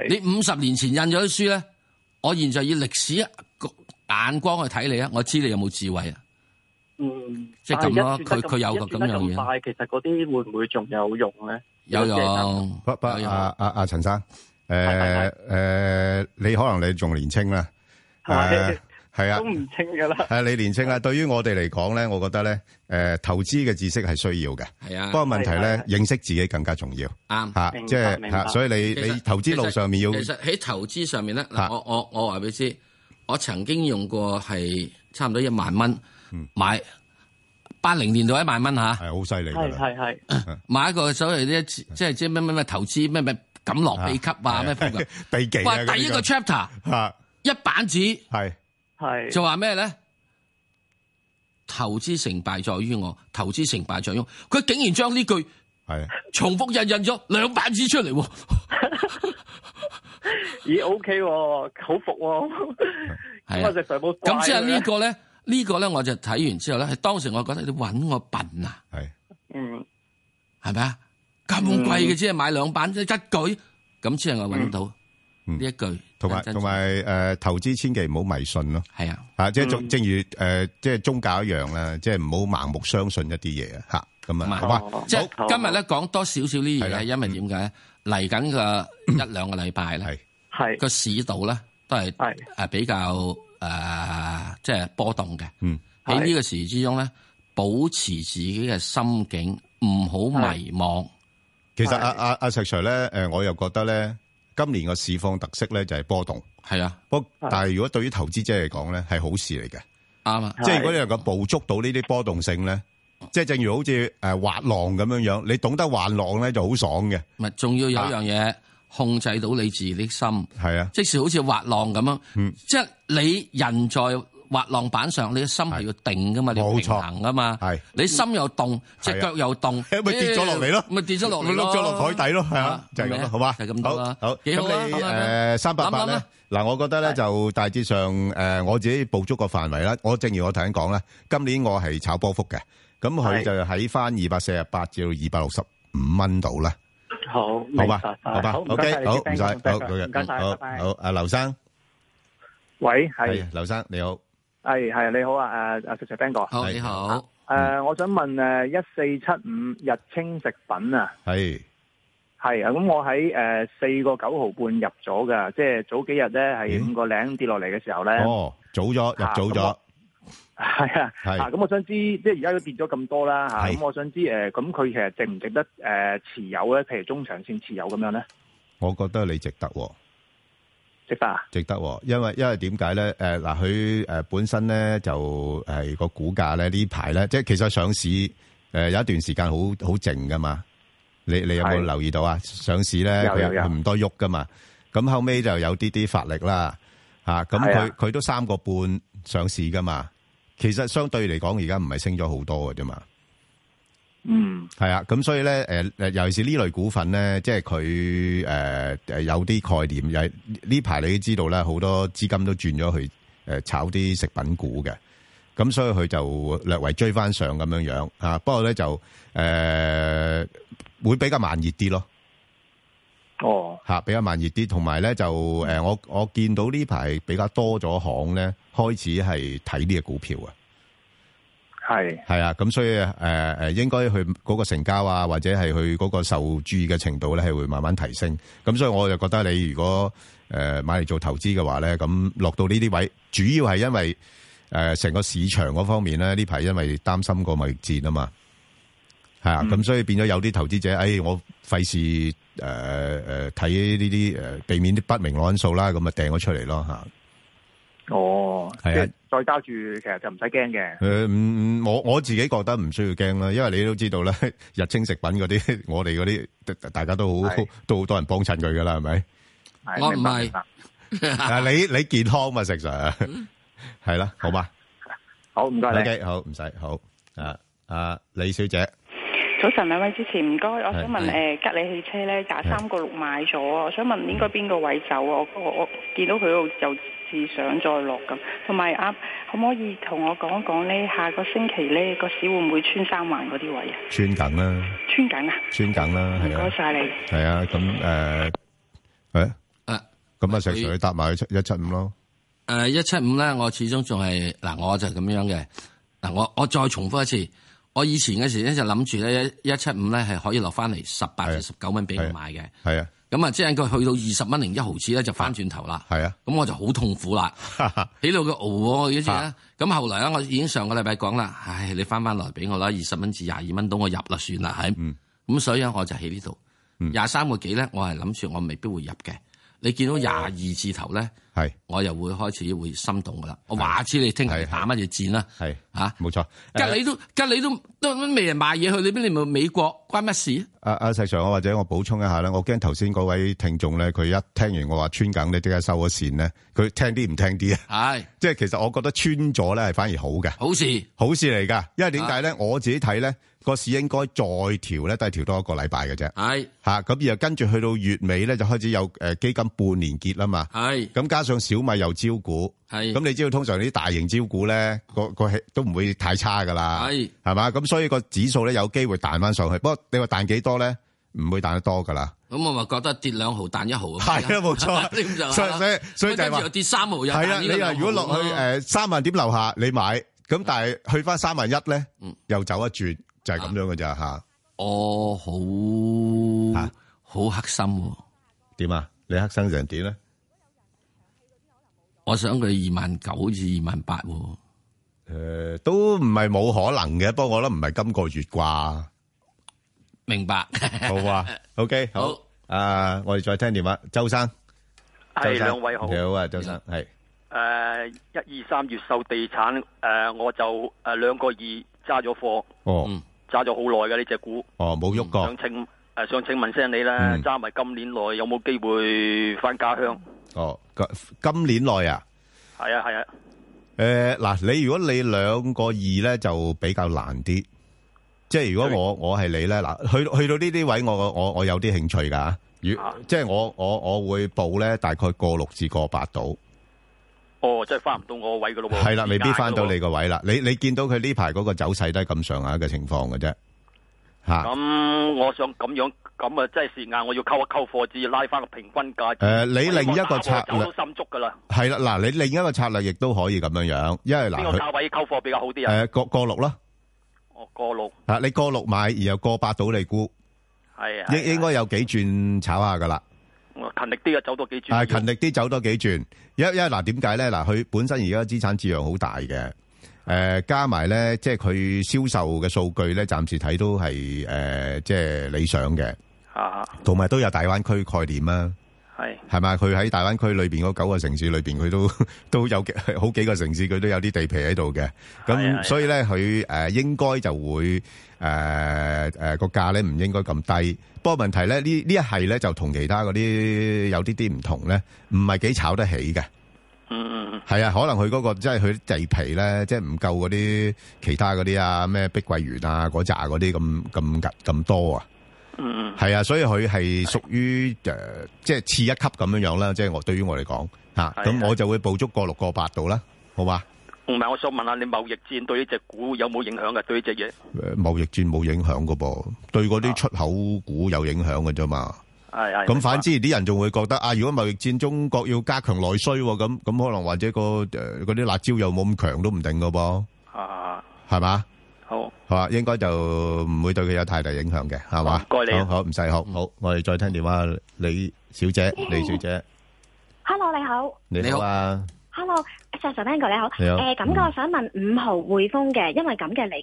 你五十年前印咗啲書咧，我現在以歷史眼光去睇你啊，我知你有冇智慧啊。嗯，即係咁咯。佢佢有個咁樣嘢。但係其實嗰啲會唔會仲有用咧？有用。不不，阿阿阿陳生，誒誒、呃呃，你可能你仲年青啦。係、啊，係啊，都唔清㗎啦。係、啊、你年青啊，對於我哋嚟講咧，我覺得咧，誒、呃、投資嘅知識係需要嘅。係啊，不過問題咧，是是是認識自己更加重要。啱，嚇、啊，即係、啊、所以你你投資路上面要。其實喺投資上面咧，嗱，我我我話俾你知，我曾經用過係差唔多一萬蚊、嗯、買八零年到一萬蚊嚇。係好犀利㗎啦！係係係，買一個所謂啲即係即係咩咩咩投資咩咩錦囊秘笈啊咩秘笈。哇、啊！ 第一個 chapter 嚇。這個啊一板紙係係就話咩咧？投資成敗在於我，投資成敗在於我。佢竟然將呢句係重複印印咗兩板紙出嚟，咦、 欸、？OK，、哦、好服、哦。係 是啊，咁即係呢 個咧？呢個咧我就睇完之後咧，係 當時我覺得你搵我笨啊。係嗯，係咪啊？咁貴嘅只係買兩板啫，一句咁先係我搵到、嗯。呢一句，同埋同埋誒，投資千祈唔好迷信咯。係啊，吓即係，正如誒、呃，即係宗教一樣啦，即係唔好盲目相信一啲嘢啊。吓咁啊。即係今日咧講多少少呢嘢咧，因為點解嚟緊嘅一兩個禮拜咧，係個市道咧都係誒比較誒即係波動嘅。嗯，喺呢，呢、呃就是、個時之中咧，保持自己嘅心境，唔好迷惘。其實阿阿阿石 Sir 咧，誒，我又覺得咧。今年個市況特色咧就係波動，係啊，不，但係如果對於投資者嚟講咧係好事嚟嘅，啱啊，即係如果你能夠捕捉到呢啲波動性咧，即係正如好似誒滑浪咁樣樣，你懂得滑浪咧就好爽嘅。唔係，仲要有一樣嘢，啊、控制到你自己心，係啊，即係好似滑浪咁樣嗯，即係你人在。滑浪板上，你嘅心係要定噶嘛，要平衡噶嘛。係你心又動，隻腳又動，咪跌咗落嚟咯，咪跌咗落嚟咯，碌咗落海底咯，係啊，就係咁咯，好嘛？係咁多啦，好，幾好啦。咁你誒三八八咧？嗱，我覺得咧就大致上誒，我自己捕捉個範圍啦。我正如我頭先講啦，今年我係炒波幅嘅，咁佢就喺翻二百四十八至到二百六十五蚊度啦。好，好嘛，好，唔該晒，好唔該晒，唔該晒，唔該晒，唔該晒，唔該晒，唔該晒，唔該晒，唔該晒，唔該晒，唔該晒，唔該晒，唔該晒，唔該晒，唔該晒，唔該晒，唔該晒，唔該晒，唔該晒，唔該晒，唔該晒，唔該晒，唔該晒，唔該晒，唔該晒，唔係係你好啊，誒誒，石石斌哥，你好。誒、啊啊啊啊啊啊啊啊呃，我想問誒，一四七五日清食品啊，係係啊，咁我喺誒四個九毫半入咗噶，即係早幾日咧喺五個零跌落嚟嘅時候咧，哦，早咗入早咗，係啊，係啊。咁、啊、我想知道，即係而家都跌咗咁多啦吓，咁、啊、我想知誒，咁、呃、佢其實值唔值得誒、呃、持有咧？譬如中長線持有咁樣咧？我覺得你值得、啊。值得、啊，值得、啊，因為因為點解咧？誒、呃，嗱，佢誒本身咧就係個、呃、股價咧呢排咧，即係其實上市誒有一段時間好好靜噶嘛。你你有冇留意到啊？上市咧佢唔多喐噶嘛。咁後尾就有啲啲發力啦。吓、啊，咁佢佢都三個半上市噶嘛。其實相對嚟講，而家唔係升咗好多㗎啫嘛。嗯，係啊，咁所以咧，誒誒，尤其是呢類股份咧，即係佢誒誒有啲概念，又係呢排你都知道呢，好多資金都轉咗去誒炒啲食品股嘅，咁所以佢就略為追翻上咁樣樣啊，不過咧就誒、呃、會比較慢熱啲咯。哦，吓比較慢熱啲，同埋咧就誒，我我見到呢排比較多咗行咧，開始係睇呢個股票啊。係係啊，咁所以誒誒、呃，應該去嗰個成交啊，或者係去嗰個受注意嘅程度咧，係會慢慢提升。咁所以我就覺得你如果誒、呃、買嚟做投資嘅話咧，咁落到呢啲位，主要係因為誒成、呃、個市場嗰方面咧，呢排因為擔心個貿易戰啊嘛，係啊，咁所以變咗有啲投資者，哎，我費事誒誒睇呢啲誒，避免啲不明因素啦，咁咪掟咗出嚟咯吓。哦，係啊，再揸住其實就唔使驚嘅。誒，唔，我我自己覺得唔需要驚啦，因為你都知道咧，日清食品嗰啲，我哋嗰啲，大家都好，都好多人幫襯佢噶啦，係咪？係唔係？但係，你你健康嘛，食神，係啦，好吧。好，唔該你。OK，好，唔使好。啊啊，李小姐。早晨，兩位之前唔該，我想問誒、呃、吉利汽車咧打三個六買咗，我想問應該邊個位走啊？我我見到佢度又是想再落咁，同埋阿可唔可以同我講講咧？下個星期咧個市會唔會穿三萬嗰啲位穿啊？穿緊啦，啊，穿緊啦，啊，穿緊啦。唔該晒你，係啊，咁誒誒，啊，咁啊，成場去搭埋去七一七五咯。誒一七五啦，我始終仲係嗱，我就係咁樣嘅嗱，我我再重複一次。我以前嘅時咧就諗住咧一七五咧係可以落翻嚟十八至十九蚊俾我買嘅，係啊，咁啊即係佢去到二十蚊零一毫子咧就翻轉頭啦，係啊，咁我就好痛苦啦， 起到佢我嗰隻咧，咁後來咧我已經上個禮拜講啦，唉，你翻翻來俾我啦，二十蚊至廿二蚊都我入啦算啦，係、嗯，咁所以我就喺呢度，廿三個幾咧我係諗住我未必會入嘅。你見到廿二字頭咧，係、哦、我又會開始會心動噶啦。我話知你聽你打乜嘢戰啦？係嚇，冇、啊、錯。隔籬都隔籬、啊、都都未人賣嘢去，你邊你咪美國關乜事啊？阿、啊、阿世 Sir，我或者我補充一下咧，我驚頭先嗰位聽眾咧，佢一聽完我話穿緊，你即刻收個線咧，佢聽啲唔聽啲啊？係，即係其實我覺得穿咗咧係反而好嘅，好事好事嚟㗎。因為點解咧？我自己睇咧。個市應該再調咧，都係調多一個禮拜嘅啫。係吓，咁然後跟住去到月尾咧，就開始有誒基金半年結啦嘛。係咁，加上小米又招股。係咁，你知道通常啲大型招股咧，個個都唔會太差噶啦。係係嘛，咁所以個指數咧，有機會彈翻上去。不過你話彈幾多咧，唔會彈得多噶啦。咁我咪覺得跌兩毫彈一毫，係啦，冇錯。所以所以就跌三毫又彈一毫。係啊，你話如果落去誒三萬點樓下，你買咁，但係去翻三萬一咧，又走一轉。就係咁樣嘅咋吓，我好好黑心。點啊？你黑心成點咧？我想佢二萬九至二萬八，誒，都唔係冇可能嘅，不過我諗唔係今個月啩。明白，好啊，OK，好啊，我哋再聽電話，周生，係兩位好，你好啊，周生，係誒，一二三，越秀地產，誒，我就誒兩個二揸咗貨，哦。揸咗好耐嘅呢隻股哦，冇喐過。想請誒、呃，想請問聲你咧，揸、嗯、埋今年內有冇機會翻家鄉？哦，今年內啊，係啊係啊。誒、啊，嗱、呃，你如果你兩個二咧，就比較難啲。即係如果我我係你咧，嗱，去去到呢啲位置我，我我我有啲興趣噶、啊。如、啊、即係我我我會報咧，大概過六至過八度。哦，即係翻唔到我個位噶咯喎，係啦，未必翻到你個位啦。你你見到佢呢排嗰個走勢都係咁上下嘅情況嘅啫。吓，咁我想咁樣咁啊，即係時間我要溝一溝貨，至拉翻個平均價。誒，你另一個策略都心足噶啦。係啦，嗱，你另一個策略亦都可以咁樣樣，因為嗱，邊個價位溝貨比較好啲啊？誒，過過六啦。哦，過六。啊，你過六買，然後過百到你估，係啊，應應該有幾轉炒下噶啦。勤力啲啊，走多幾轉。係勤力啲，走多幾轉。一一，嗱，點解咧嗱？佢本身而家資產質量好大嘅，誒，加埋咧，即係佢銷售嘅數據咧，暫時睇都係誒，即係理想嘅啊。同埋都有大灣區概念啦。係，係嘛？佢喺大灣區裏邊嗰九個城市裏邊，佢都都有幾好幾個城市，佢都有啲地皮喺度嘅。咁所以咧，佢誒應該就會誒誒個價咧唔應該咁低。不過問題咧，呢呢一係咧就同其他嗰啲有啲啲唔同咧，唔係幾炒得起嘅。嗯嗯嗯。係啊，可能佢嗰個即係佢啲地皮咧，即係唔夠嗰啲其他嗰啲啊，咩碧桂園啊、嗰紮嗰啲咁咁咁多啊。嗯嗯，係啊，所以佢係屬於誒，即係次一級咁樣樣啦，即係我對於我嚟講吓，咁、啊、我就會捕捉個六個八度啦，好嘛？唔係，我想問下你貿易戰對呢隻股有冇影響嘅？對呢隻嘢？誒、呃，貿易戰冇影響噶噃，對嗰啲出口股有影響嘅啫嘛。係咁，反之啲人仲會覺得啊，如果貿易戰中國要加強內需，咁咁可能或者、個誒嗰啲辣招又冇咁強都唔定噶噃。啊啊，係嘛？好、啊，好應該就唔會對佢有太大影響嘅，係嘛？唔該你，好好唔使好，好，好，、嗯、好我哋再聽電話，李小姐，李小姐，Hello，你好、啊，你好啊，Hello。教授邊個你好？誒，咁、嗯、我想問五號匯豐嘅，因為咁嘅嚟緊，誒，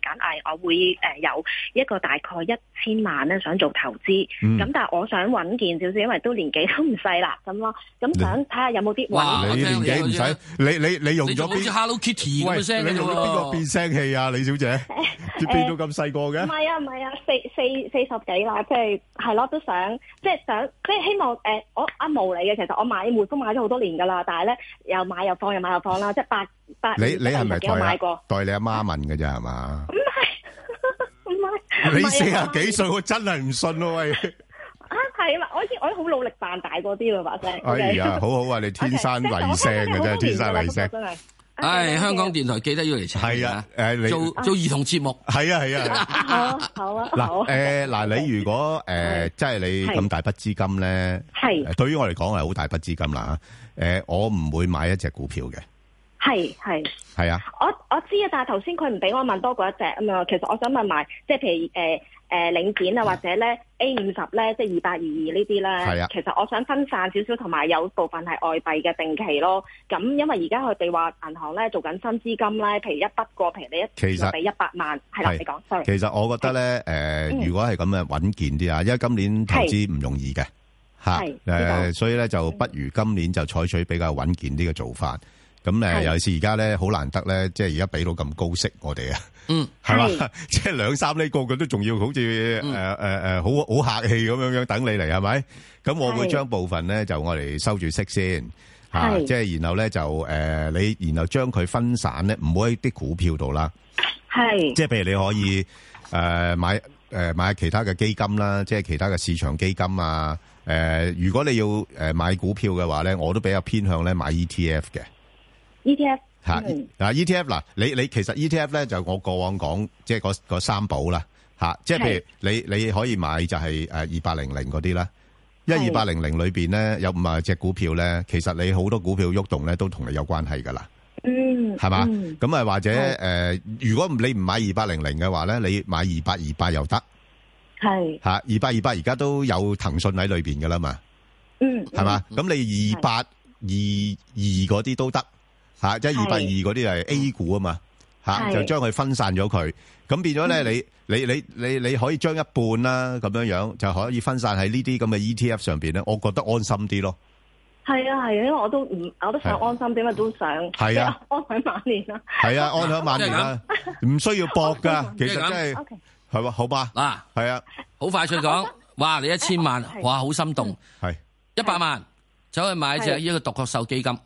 我會誒有一個大概一千萬咧，想做投資。咁、嗯、但係我想穩健少少，因為都年紀都唔細啦，咁咯。咁想睇下有冇啲話你年紀唔使，你看看有有你用你，你，你用咗 Hello Kitty 聲你用咗邊個變聲器啊，李小姐？變到咁細個嘅？唔係、欸呃、啊，唔係啊，四四四十幾啦，譬如係咯、啊，都想即係想即係希望誒、呃，我阿、啊、毛你嘅，其實我買匯豐買咗好多年噶啦，但係咧又買又放，又買又放啦。 八八，八你你係咪代代你阿媽問嘅啫，係 嘛是吧？唔 係，唔係。你四啊幾歲？ 我真係唔信咯、啊、喂！啊係、啊、我我好努力扮大嗰啲啦把聲。哎 呀、okay, 啊，好好啊！你天生麗聲嘅真係天生麗聲，真係哎香港電台記得要嚟查係啊！誒、啊，做、啊、做兒童節目係啊係啊, 啊,啊,啊, 啊。好啊 好啊嗱誒嗱你如果誒、呃、 即係你咁大筆資金咧，係對於我嚟講係好大筆資金啦吓誒，我唔會買一隻股票嘅。係係係啊！我我知啊，但係頭先佢唔俾我問多過一隻啊嘛。其實我想問埋，即係譬如誒誒、呃呃、領展啊，或者咧 A 五十咧，A50, 即係二百二二呢啲咧。係啊，其實我想分散少少，同埋有,有部分係外幣嘅定期咯。咁因為而家佢哋話銀行咧做緊新資金咧，譬如一筆過，譬如你一其實俾一百萬，係啦，你講 sorry。其實我覺得咧，誒、呃，如果係咁嘅穩健啲啊，因為今年投資唔容易嘅吓，誒、啊，所以咧就不如今年就採取比較穩健啲嘅做法。咁誒、呃，尤其是而家咧，好難得咧，即係而家俾到咁高息我哋啊，嗯，係嘛，即係兩三呢個個都仲要好似誒誒誒，好、嗯、好、呃呃、客氣咁樣樣等你嚟，係咪？咁我會將部分咧就我嚟收住息先吓、啊，即係然後咧就誒、呃、你然後將佢分散咧，唔好喺啲股票度啦，係即係譬如你可以誒、呃、買誒買其他嘅基金啦，即係其他嘅市場基金啊。誒、呃，如果你要誒買股票嘅話咧，我都比較偏向咧買 ETF 嘅。E.T.F. 嚇、嗯、嗱、啊、E.T.F. 嗱，你你其實 E.T.F. 咧就我過往講，就是啊、即係嗰三寶啦即係譬如你你,你可以買就係2二八零零嗰啲啦，1二八零零裏面咧有五萬隻股票咧，其實你好多股票喐動咧都同你有關係㗎啦。嗯，係嘛？咁、嗯、啊或者誒、呃，如果你唔買二八零零嘅話咧，你買二八二八又得係嚇，二八二八而家都有騰訊喺裏面㗎啦嘛。嗯，係嘛？咁、嗯、你二八二二嗰啲都得。吓，一二八二嗰啲係 A 股啊嘛，吓就將佢分散咗佢，咁變咗咧你你你你你可以將一半啦咁樣樣就可以分散喺呢啲咁嘅 ETF 上邊咧，我覺得安心啲咯。係啊係啊，因為我都唔，我都想安心，點解都想係啊，安享晚年咯。係啊，安享晚年啦，唔需要搏噶，其實真係係嘛，好吧。嗱，係啊，好快脆講，哇，你一千萬，哇，好心動，係一百萬走去買隻呢個獨角獸基金。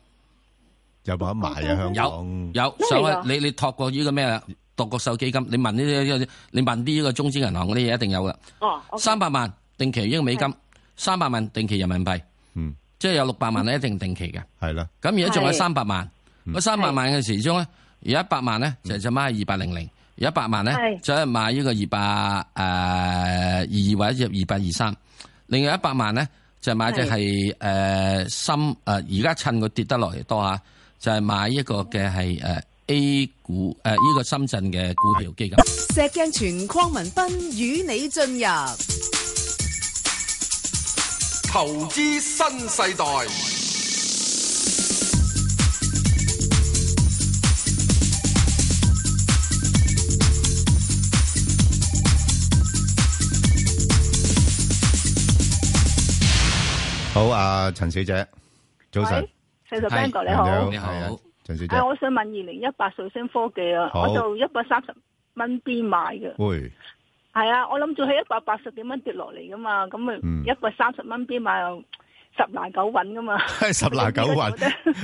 有冇得賣啊？Okay. 香港有有，上、就、去、是！你你托過呢個咩啊？獨角獸基金，你問呢、這、啲、個，你問啲個中資銀行嗰啲嘢一定有噶。哦，三百萬定期英美金，三百萬定期人民幣。嗯，即係有六百萬咧，一定定期嘅。係、嗯、啦，咁而家仲有三百萬，三百萬嘅時鐘咧，有一百萬咧就就買二八零零，而一百萬咧就係買呢個二八誒二二或者二八二三，另外一百萬咧就買只係誒深誒而家趁佢跌得落嚟多一下。就係、是、買一個嘅係誒 A 股誒呢個深圳嘅股票基金。石鏡泉鄺文斌與你進入投資新世代。好啊，陳、呃、小姐，早晨。謝 Sir，Bandor 你好，你好，陳小姐，我想問二零一八瑞星科技啊，我就一百三十蚊邊買嘅，係啊，我諗住喺一百八十幾蚊跌落嚟噶嘛，咁咪一百三十蚊邊買十拿九穩噶嘛，係十拿九穩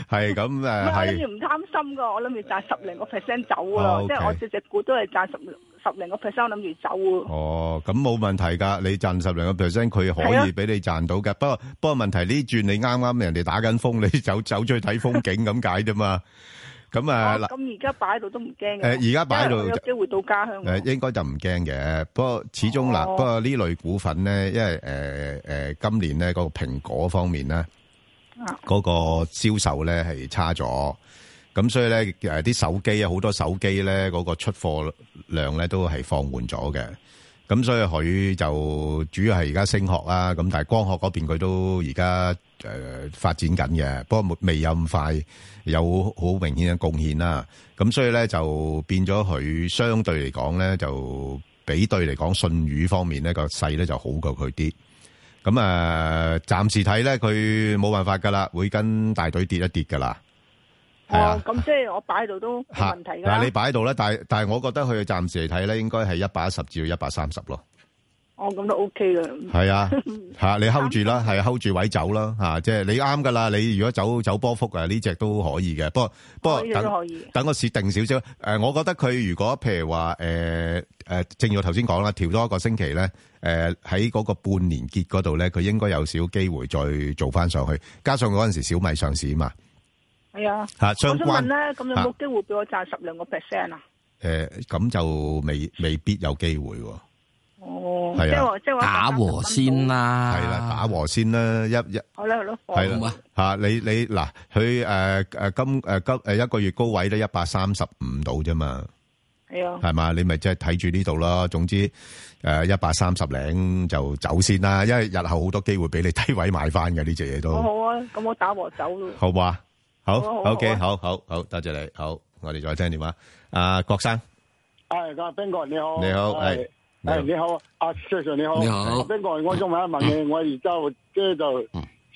係咁誒，係，唔貪心噶，我諗住賺十零個 percent 走噶咯，即係我只只股都係賺十十零個 percent，我諗住走啊。哦，咁冇問題噶，你賺十零個 percent，佢可以俾你賺到噶。不過不過問題呢轉你啱啱人哋打緊風，你走走出去睇風景咁解啫嘛。咁啊嗱，咁而家擺喺度都唔驚嘅。誒，而家擺喺度有機會到家鄉。誒，應該就唔驚嘅。誒，不過始終嗱，不過呢類股份咧，因為誒誒今年咧嗰個蘋果方面咧，嗰個銷售咧係差咗。咁所以咧誒啲手機啊，好多手機咧嗰個出貨量咧都係放緩咗嘅。咁所以佢就主要係而家聲學啦。咁但係光學嗰邊佢都而家誒發展緊嘅。不過未未有咁快。有好明顯嘅貢獻啦，咁所以咧就變咗佢相對嚟講咧，就比對嚟講信譽方面咧個勢咧就好過佢啲，咁啊、呃、暫時睇咧佢冇辦法噶啦，會跟大隊跌一跌噶啦。係、哦、啊，咁、哦、即係我擺喺度都冇問題㗎。但你擺喺度咧，但係但係我覺得佢暫時嚟睇咧，應該係一百一十至到一百三十咯。哦，咁都 OK 啦。係啊，吓你 hold 住啦，係、 啊、hold 住位走啦，吓即係你啱噶啦。你如果走走波幅啊，呢隻都可以嘅。不過不過等等個市定少少。誒、呃，我覺得佢如果譬如話誒誒，正如我頭先講啦，調多一個星期咧，誒喺嗰個半年結嗰度咧，佢應該有少機會再做翻上去。加上嗰陣時小米上市啊嘛。係啊。吓、啊，相關。吓。咁有冇機會俾我賺十兩個 percent 啊？誒、啊、咁、呃、就未未必有機會。哦，即係話，即係話打和先啦，係啦，打和先啦，一一好啦，好啦，係啦，吓，你你嗱，佢，誒誒今誒今誒一個月高位都一百三十五度啫嘛，係啊，係嘛，你咪即係睇住呢度咯，總之誒一百三十零就走先啦，因為日後好多機會俾你低位買翻嘅呢隻嘢都好啊，咁我打和走咯，好唔好啊？好，OK，好好好，多謝你，好，我哋再聽電話，阿郭生，係阿冰哥，你好，你好，係。誒、哎，你好，阿、啊、Sir，你好。你好。邊個、嗯嗯？我想問一問857，你，我而家即係就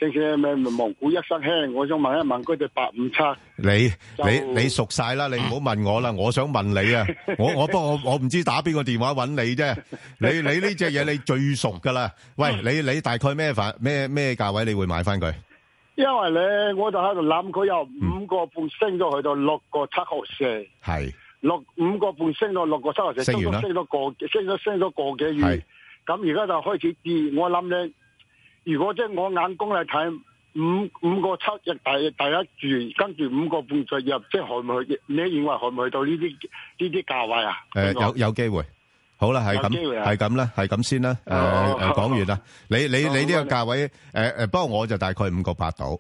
正正咩蒙古一生輕，我想問一問嗰隻八五七。你你你熟晒啦，你唔好問我啦，嗯，我想問你啊。 我我不過我我唔知打邊個電話揾你啫。你你呢隻嘢你最熟噶啦。 喂，你你大概咩份咩咩價位你會買翻佢？因為你，我就喺度諗，佢由五個半升咗去到六個七毫四。係、嗯。六五個半升到六個七或者升咗升咗個，升咗升咗個幾月，咁而家就開始跌。我諗咧，如果即係我眼光嚟睇，五五個七日第一住，跟住五個半再入，即係可唔可以？你認為可唔可以到呢啲呢啲價位啊？誒、呃，有有機會。好啦，係咁，係咁啦，係咁先啦。誒、呃、誒，講、呃、完啦、呃嗯。你你你呢個價位，誒、嗯、誒、呃，不過我就大概五個八到。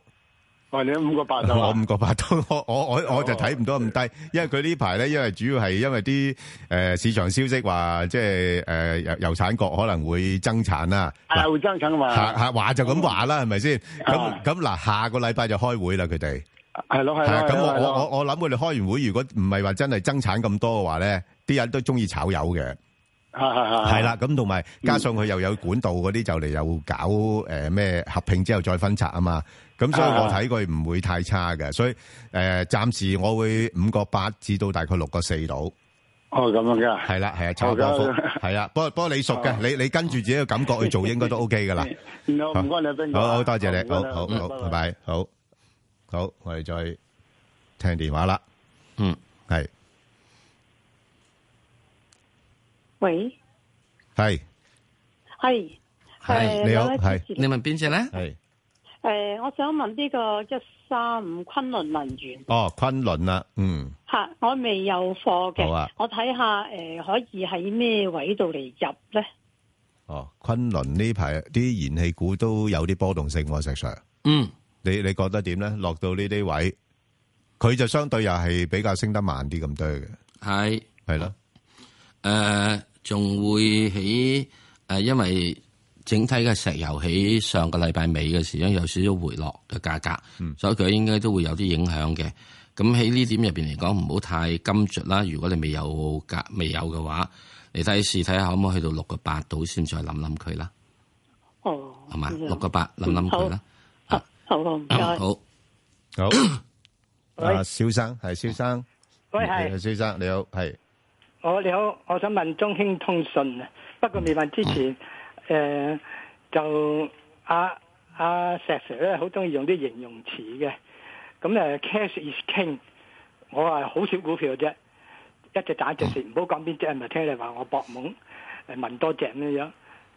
喂，你五個八啊？我五個八都我我我就睇唔到咁低，因為佢呢排咧，因為主要係因為啲誒市場消息話，即係誒油油產國可能會增產啦。係會增產嘛？係係話就咁話啦，係咪先？咁咁嗱，下個禮拜就開會啦，佢哋。係咯係咯係咯。咁我我我諗佢哋開完會，如果唔係話真係增產咁多嘅話咧，啲人都中意炒油嘅。係啦，咁同埋加上佢又有管道嗰啲，就嚟又搞誒咩合併之後再分拆啊嘛，咁所以我睇佢唔會太差嘅，所以誒暫時我會五個八至到大概六個四度。哦，咁樣噶。係啦，係啊，差個幅。係啊，不過不過你熟嘅，你你跟住自己嘅感覺去做，應該都 OK 噶啦。唔好唔該你先。好好，多謝你，好好好，拜拜，好好我哋再聽電話啦。嗯，係。喂，係，係，係、呃、你好，係你問邊隻咧？係誒、呃，我想問呢個一三五昆侖能源。哦，昆侖啊，嗯，吓、啊，我未有貨嘅、啊，我睇下誒、呃，可以喺咩位度嚟入咧？哦，昆侖呢排啲燃氣股都有啲波動性、啊，我石 Sir，嗯，你你覺得點咧？落到呢啲位，佢就相對又係比較升得慢啲咁多嘅，係係咯，誒。呃仲會喺誒、呃，因為整體嘅石油喺上個禮拜尾嘅時間有少少回落嘅價格，嗯，所以佢應該都會有啲影響嘅。咁喺呢點入邊嚟講，唔好太甘着啦。如果你未有價，未有嘅話，你睇市睇下可唔可以去到六個八度先，再諗諗佢啦。哦，係嘛，六個八諗諗佢啦。好，唔、啊、該。好，好。 啊、小小喂，蕭生係蕭生，係係，蕭生你好，係。我、oh, 你好，我想問中興通訊。啊。不過未問之前，誒、呃、就阿阿、啊啊、石 Sir 咧好中意用啲形容詞嘅。咁呢 cash is king，我係好少股票嘅啫，一隻打一隻蝕，唔好講邊隻，係咪聽你話我博懵。誒問多隻咁樣，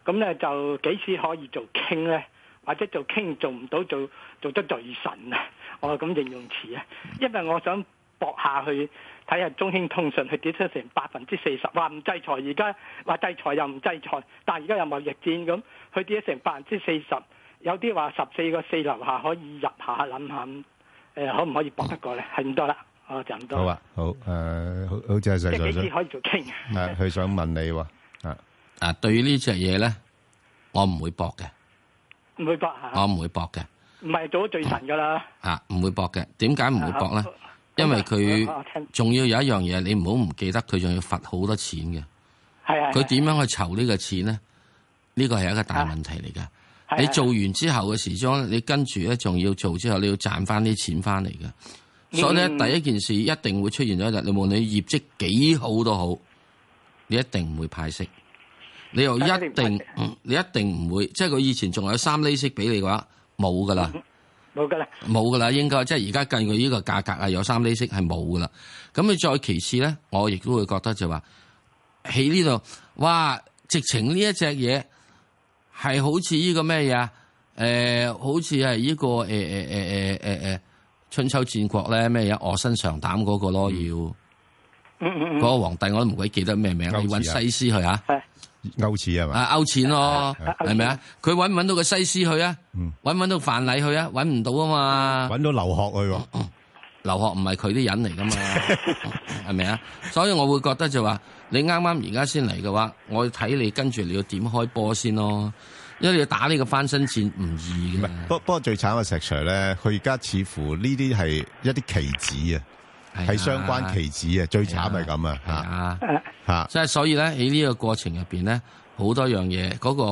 咁咧就幾時可以做 king 咧？或者做 king 做唔到做做得最神啊？我係咁形容詞啊，因為我想。搏下去睇下中興通訊佢跌咗成百分之四十，話唔制裁，而家話制裁又唔制裁，但係而家又冇貿易戰咁，佢跌咗成百分之四十，有啲話十四個四樓下可以入下，諗下誒，可唔可以搏得過咧？係、嗯、咁多啦，哦就咁多。好啊，好誒、呃，好好似係細細。啲可以做傾？佢、啊、想問你喎。啊啊，對於呢隻嘢咧，我唔會搏嘅，唔會搏嚇。我唔會搏嘅，唔係做咗罪神噶啦。啊，唔 會搏嘅，點解唔會搏咧？因為佢仲要有一樣嘢，你唔好唔記得，佢仲要罰好多錢嘅。係佢點樣去籌呢個錢咧？呢個係一個大問題嚟噶。你做完之後嘅時裝，你跟住咧仲要做之後，你要賺翻啲錢翻嚟嘅。所以咧，第一件事一定會出現咗一日。你無論你業績幾好都好，你一定唔會派息。你又一定，一定、嗯，你一定唔會。即係佢以前仲有三厘息俾你嘅話，冇噶啦。嗯冇噶啦，冇噶啦，應該即係而家根據呢個價格啊，有三厘息係冇噶啦。咁你再其次咧，我亦都會覺得就話喺呢度，哇！直情呢一隻嘢係好似呢個咩嘢啊？誒、欸，好似係呢個誒誒誒誒誒誒春秋戰國咧咩嘢？卧薪嘗膽嗰、那個咯，要嗯嗰、那個皇帝、嗯嗯嗯、我都唔鬼記得咩名，要揾西施去嚇。勾錢係嘛？啊，勾錢咯，係咪啊？佢搵唔搵到個西施去啊？搵唔搵到范蠡去啊？搵唔到啊嘛？搵到劉鶴去喎，啊，劉鶴唔係佢啲人嚟噶嘛，係咪啊？所以我會覺得就話，是，你啱啱而家先嚟嘅話，我睇你跟住你要點開波先咯，因為你要打呢個翻身戰唔易嘅。唔不不，不過最慘嘅石錘咧，佢而家似乎呢啲係一啲棋子啊。係相關期指啊，最慘係咁啊，吓吓、啊，即係、啊啊啊、所以咧喺呢個過程入邊咧，好多樣嘢，嗰、那個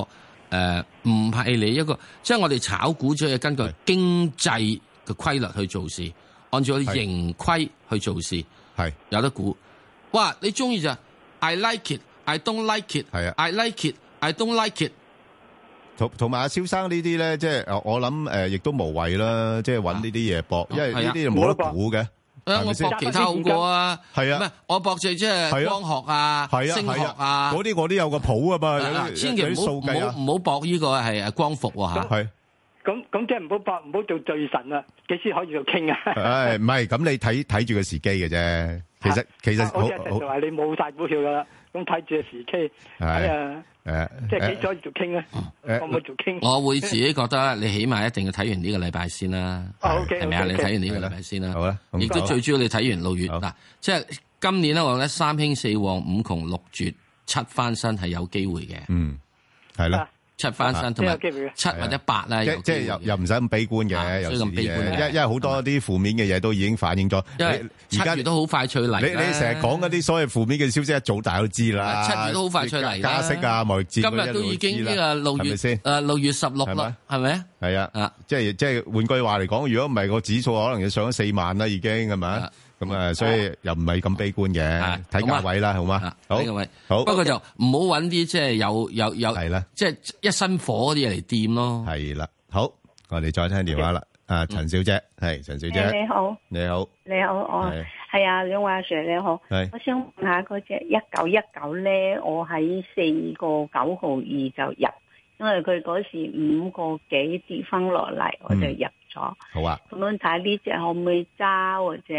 誒唔係你一個，即係我哋炒股就要根據經濟嘅規律去做事，按照盈虧去做事，係有得估。哇，你中意就 I like it，I don't like it，係啊，I like it，I don't like it、啊。同同埋阿蕭生這些呢啲咧，即、就、係、是、我諗誒、呃，亦都無謂啦，即係揾呢啲嘢博，因為呢啲就冇得估嘅。誒，我博其他好過啊，唔係我博就即係光學啊、聲學啊，嗰啲我都有個譜噶嘛，千祈唔好唔好博呢個係光伏嚇，咁咁即係唔好博，唔好做巨神啦，幾時可以做傾啊？誒，唔係，咁你睇睇住個時機嘅啫，其實其實好好好，一定就話你冇曬股票噶啦。咁睇住時機，係啊，誒，即係幾早做傾咧，我唔做傾。我會自己覺得你起碼一定要睇完呢個禮拜先啦，係咪啊？ 啊 okay，係係 okay, okay, 你睇完呢個禮拜先啦、啊，好啦。亦都最主要你睇完六月嗱，即係今年咧，我覺得三興四旺五窮六絕七翻身係有機會嘅，嗯，係啦。啊七翻身，同、啊、埋七或者八啦、啊，即係又又唔使咁悲觀嘅，又、啊、咁悲觀嘅。因因為好多啲負面嘅嘢都已經反映咗。因為七月都好快脆嚟。你你成日講嗰啲所謂負面嘅消息，一早大家都知啦。七、啊、月都好快脆嚟。加息啊，今日都已經呢個六月先，誒六月十六啦，係咪啊？係係係係啊，即係即係換句話嚟講，如果唔係個指數，可能要上咗四萬啦，已經係咪？咁啊，所以又唔係咁悲觀嘅，睇價位啦，好嗎？好，好。不過就唔好揾啲即係有有有，係啦，即係一身火嘅啲嘢嚟掂咯。係啦，好，我哋再聽電話啦。啊，陳小姐，係陳小姐，你好，你好，你好，我係啊，兩位阿 Sir 你好。係，我想問下嗰隻一九一九咧，我喺四個九號二就入。因為佢嗰時五個幾跌翻落嚟，我就入咗、嗯。好啊，咁樣睇呢隻可唔可以揸，或者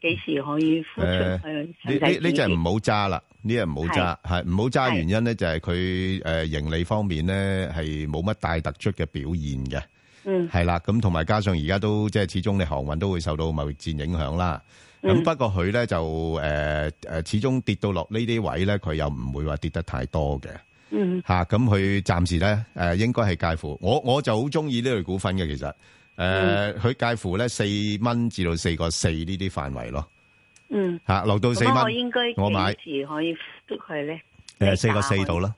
幾時可以沽出去？呢呢隻唔好揸啦，呢隻唔好揸，係唔好揸。原因咧就係佢誒盈利方面咧係冇乜大突出嘅表現嘅。嗯，係啦，咁同埋加上而家都即係始終你航運都會受到貿易戰影響啦。咁、嗯、不過佢咧就誒誒、呃，始終跌到落呢啲位咧，佢又唔會話跌得太多嘅。嗯，吓，咁佢暫時咧，誒、呃，應該係介乎，我我就好中意呢類股份嘅，其實，誒、呃，佢、嗯、介乎咧四蚊至到四個四呢啲範圍咯。嗯、吓、啊、落到四蚊，我該我買時可以沽佢咧，誒，四個四度啦，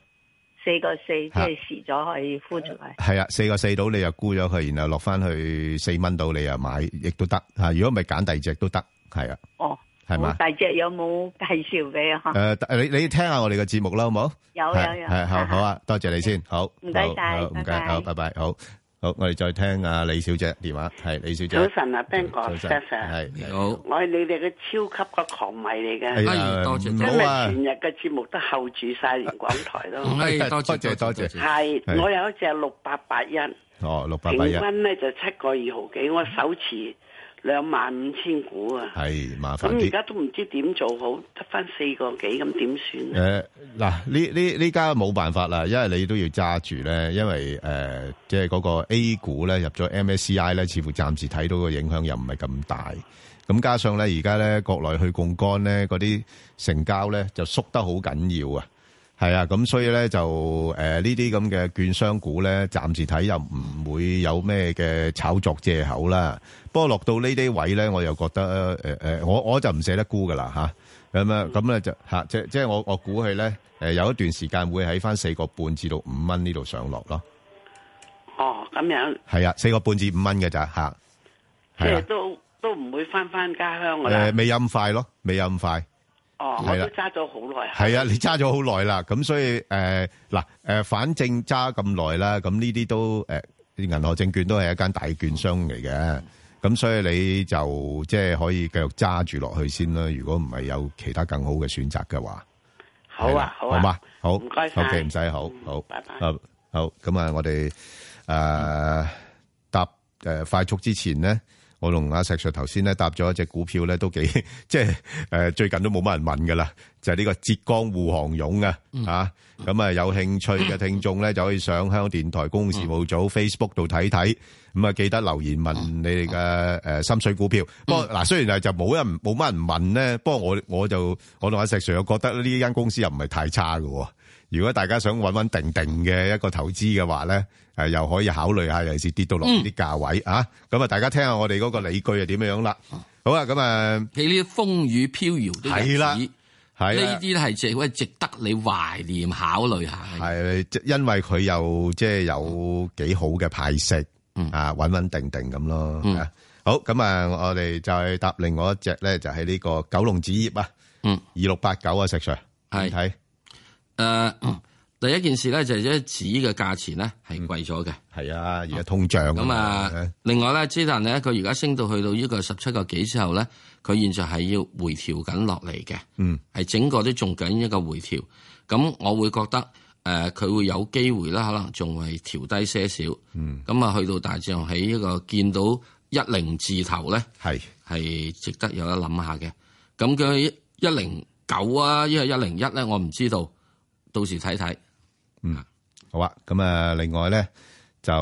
四個四即係蝕咗可以沽出嚟。係啊，四個四度、啊啊、你又沽咗佢，然後落翻去四蚊到你又買，亦都得吓。如果唔係揀第二隻都得，係啊。哦。係嘛？大隻有冇介紹俾我？誒、呃，你你聽下我哋嘅節目啦，好冇？有有有。係好啊好啊，多謝你先，好。唔該晒，唔該，好，拜拜。好好，我哋再聽下李小姐電話，係李小姐。早晨啊，Ben 哥，早晨。係，是你好。我係你哋嘅超級嘅狂迷嚟嘅，唔好啊。全日嘅節目都候住晒連廣台咯。唔多謝多謝。係，我有一隻六八八一，哦，六八八一，平均咧就七個二毫幾、嗯，我手持。兩萬五千股啊，係麻煩啲。咁而家都唔知點做好，得翻四個幾咁點算啊？誒，嗱，呢呢呢家冇辦法啦，因為你都要揸住咧，因為誒，即係嗰個 A 股咧入咗 MSCI 咧，似乎暫時睇到個影響又唔係咁大。咁加上咧而家咧國內去槓桿咧，嗰啲成交咧就縮得好緊要啊！係啊，咁所以咧就誒呢啲咁嘅券商股咧，暫時睇又唔會有咩嘅炒作借口啦。不過落到呢啲位咧，我又覺得誒誒、呃，我我就唔捨得沽噶啦吓。咁啊咁咧、嗯嗯、就吓、啊，即即係我我估佢咧誒，有一段時間會喺翻四個半至到五蚊呢度上落咯。哦，咁樣。係啊，四個半至五蚊嘅咋吓。即、啊、係、就是啊，都都唔會翻翻家鄉誒、呃，未咁快咯，未有咁快。哦，係揸咗好耐係啊，你揸咗好耐啦，咁所以誒嗱誒，反正揸咁耐啦，咁呢啲都誒，銀、呃、河證券都係一間大券商嚟嘅，咁、嗯、所以你就即係、就是、可以繼續揸住落去先啦，如果唔係有其他更好嘅選擇嘅話，好啊，啊，好啊，好嘛，好唔該晒，唔使好好，拜拜，好，咁、okay，嗯、啊，我哋誒搭誒快速之前咧。我同阿石 Sir 頭先咧搭咗一隻股票咧，都幾即係最近都冇乜人問噶啦，就係、是、呢個浙江滬杭甬、嗯、啊咁啊有興趣嘅聽眾咧就可以上香港電台公共事務組、嗯、Facebook 度睇睇，咁啊記得留言問你哋嘅誒深水股票。嗯、不過嗱雖然係就冇人冇乜人問咧，不過我我就我同阿石 Sir 又覺得呢間公司又唔係太差喎。如果大家想穩穩定定嘅一個投資嘅話咧，誒又可以考慮下，尤其是跌到落啲價位啊，咁啊大家聽下我哋嗰個理據係點樣啦。好啊，咁啊，喺呢啲風雨飄搖都係啦，係呢啲係最值得你懷念考慮下。係你，因為佢有即係有幾好嘅派息，啊穩穩定定咁咯。好，咁啊我哋再搭另外一隻咧，就係呢個玖龍紙業啊，二六八九啊，石 Sir，睇睇。誒、呃嗯，第一件事咧就係一紙嘅價錢咧係貴咗嘅，係、嗯、啊，而家通脹咁啊。另外咧、啊，之但咧，佢而家升到去到呢個十七個幾之後咧，佢現在係要回調緊落嚟嘅，嗯，係整個都仲緊一個回調。咁我會覺得誒，佢、呃、會有機會啦，可能仲會調低些少，嗯，咁啊，去到大致上喺呢、這個見到一零字頭咧，係係值得有得諗下嘅。咁佢一零九啊，因為101呢個一零一咧，我唔知道。到時睇睇，嗯，好啊。咁啊，另外咧就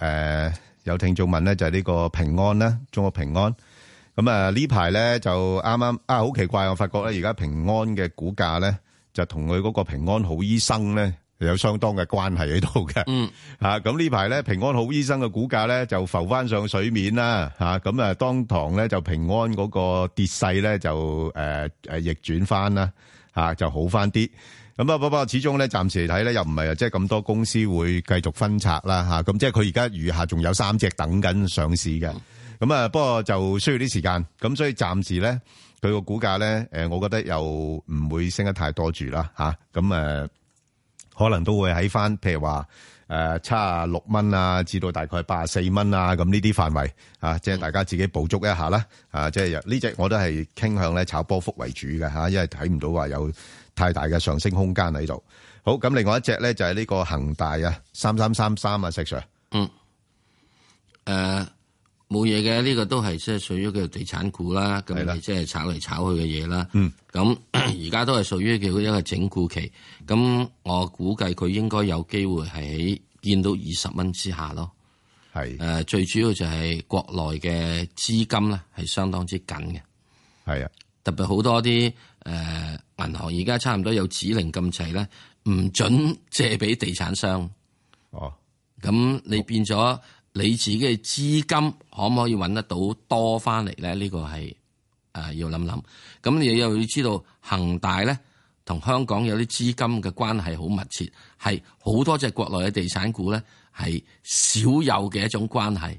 誒有聽眾問咧，就係呢個平安啦，中國平安咁啊呢排咧就啱啱啊，好奇怪，我發覺咧而家平安嘅股價咧就同佢嗰個平安好醫生咧有相當嘅關係喺度嘅，嗯，吓，咁呢排咧平安好醫生嘅股價咧就浮翻上水面啦吓，咁啊，當堂咧就平安嗰個跌勢咧就誒誒逆轉翻啦吓，就好翻啲。咁啊，不過始終咧，暫時嚟睇咧又唔係啊，即係咁多公司會繼續分拆啦嚇。咁即係佢而家餘下仲有三隻等緊上市嘅。咁、嗯、啊，不過就需要啲時間。咁所以暫時咧，佢個股價咧，誒，我覺得又唔會升得太多住啦嚇。咁誒，可能都會喺翻譬如話。誒，七啊六蚊啊，至到大概八十四蚊啊，咁呢啲範圍啊，即係大家自己捕捉一下啦。啊，即係呢隻我都係傾向咧炒波幅為主嘅吓，因為睇唔到話有太大嘅上升空間喺度。好，咁另外一隻咧就係呢個恒大啊，三三三三啊，石 Sir。嗯。誒、呃。冇嘢嘅，呢個都係即係屬於佢地產股啦，咁即係炒嚟炒去嘅嘢啦。咁而家都係屬於叫一個整固期。咁我估計佢應該有機會喺見到二十蚊之下咯。係誒，最主要就係國內嘅資金咧係相當之緊嘅。係啊，特別好多啲誒銀行而家差唔多有指令禁制咧，唔准借俾地產商。哦，咁你變咗。哦你自己嘅資金可唔可以揾得到多返嚟咧？呢、呢個係、呃、要諗諗。咁你又要知道恒大咧同香港有啲資金嘅關係好密切，係好多隻國內嘅地產股咧係少有嘅一種關係。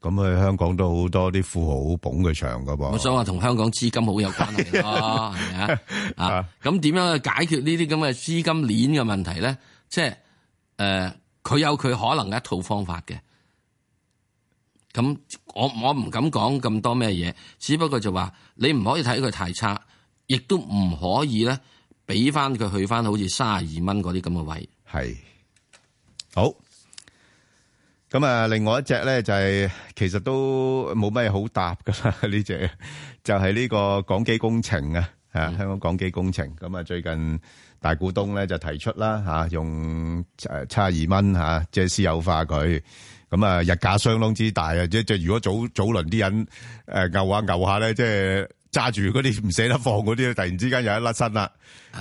咁佢香港都好多啲富豪捧佢場噶噃。我想話同香港資金好有關係喎 是吧，係 咪啊？啊，咁點樣去解決呢啲咁嘅資金鏈嘅問題咧？即係誒，佢、呃、有佢可能嘅一套方法嘅。咁我我唔敢講咁多咩嘢，只不過就話你唔可以睇佢太差，亦都唔可以咧俾翻佢去翻好似卅二蚊嗰啲咁嘅位。係好。咁啊，另外一隻咧就係、是、其實都冇咩好答噶啦呢隻，就係、是、呢個港機工程啊，啊、嗯、香港港機工程。咁啊，最近大股東咧就提出啦吓，用誒卅二蚊吓借私有化佢。咁啊，日價相當之大啊！即即如果早早輪啲人誒牛下牛下咧，即係揸住嗰啲唔捨得放嗰啲咧，突然之間又一甩身啦。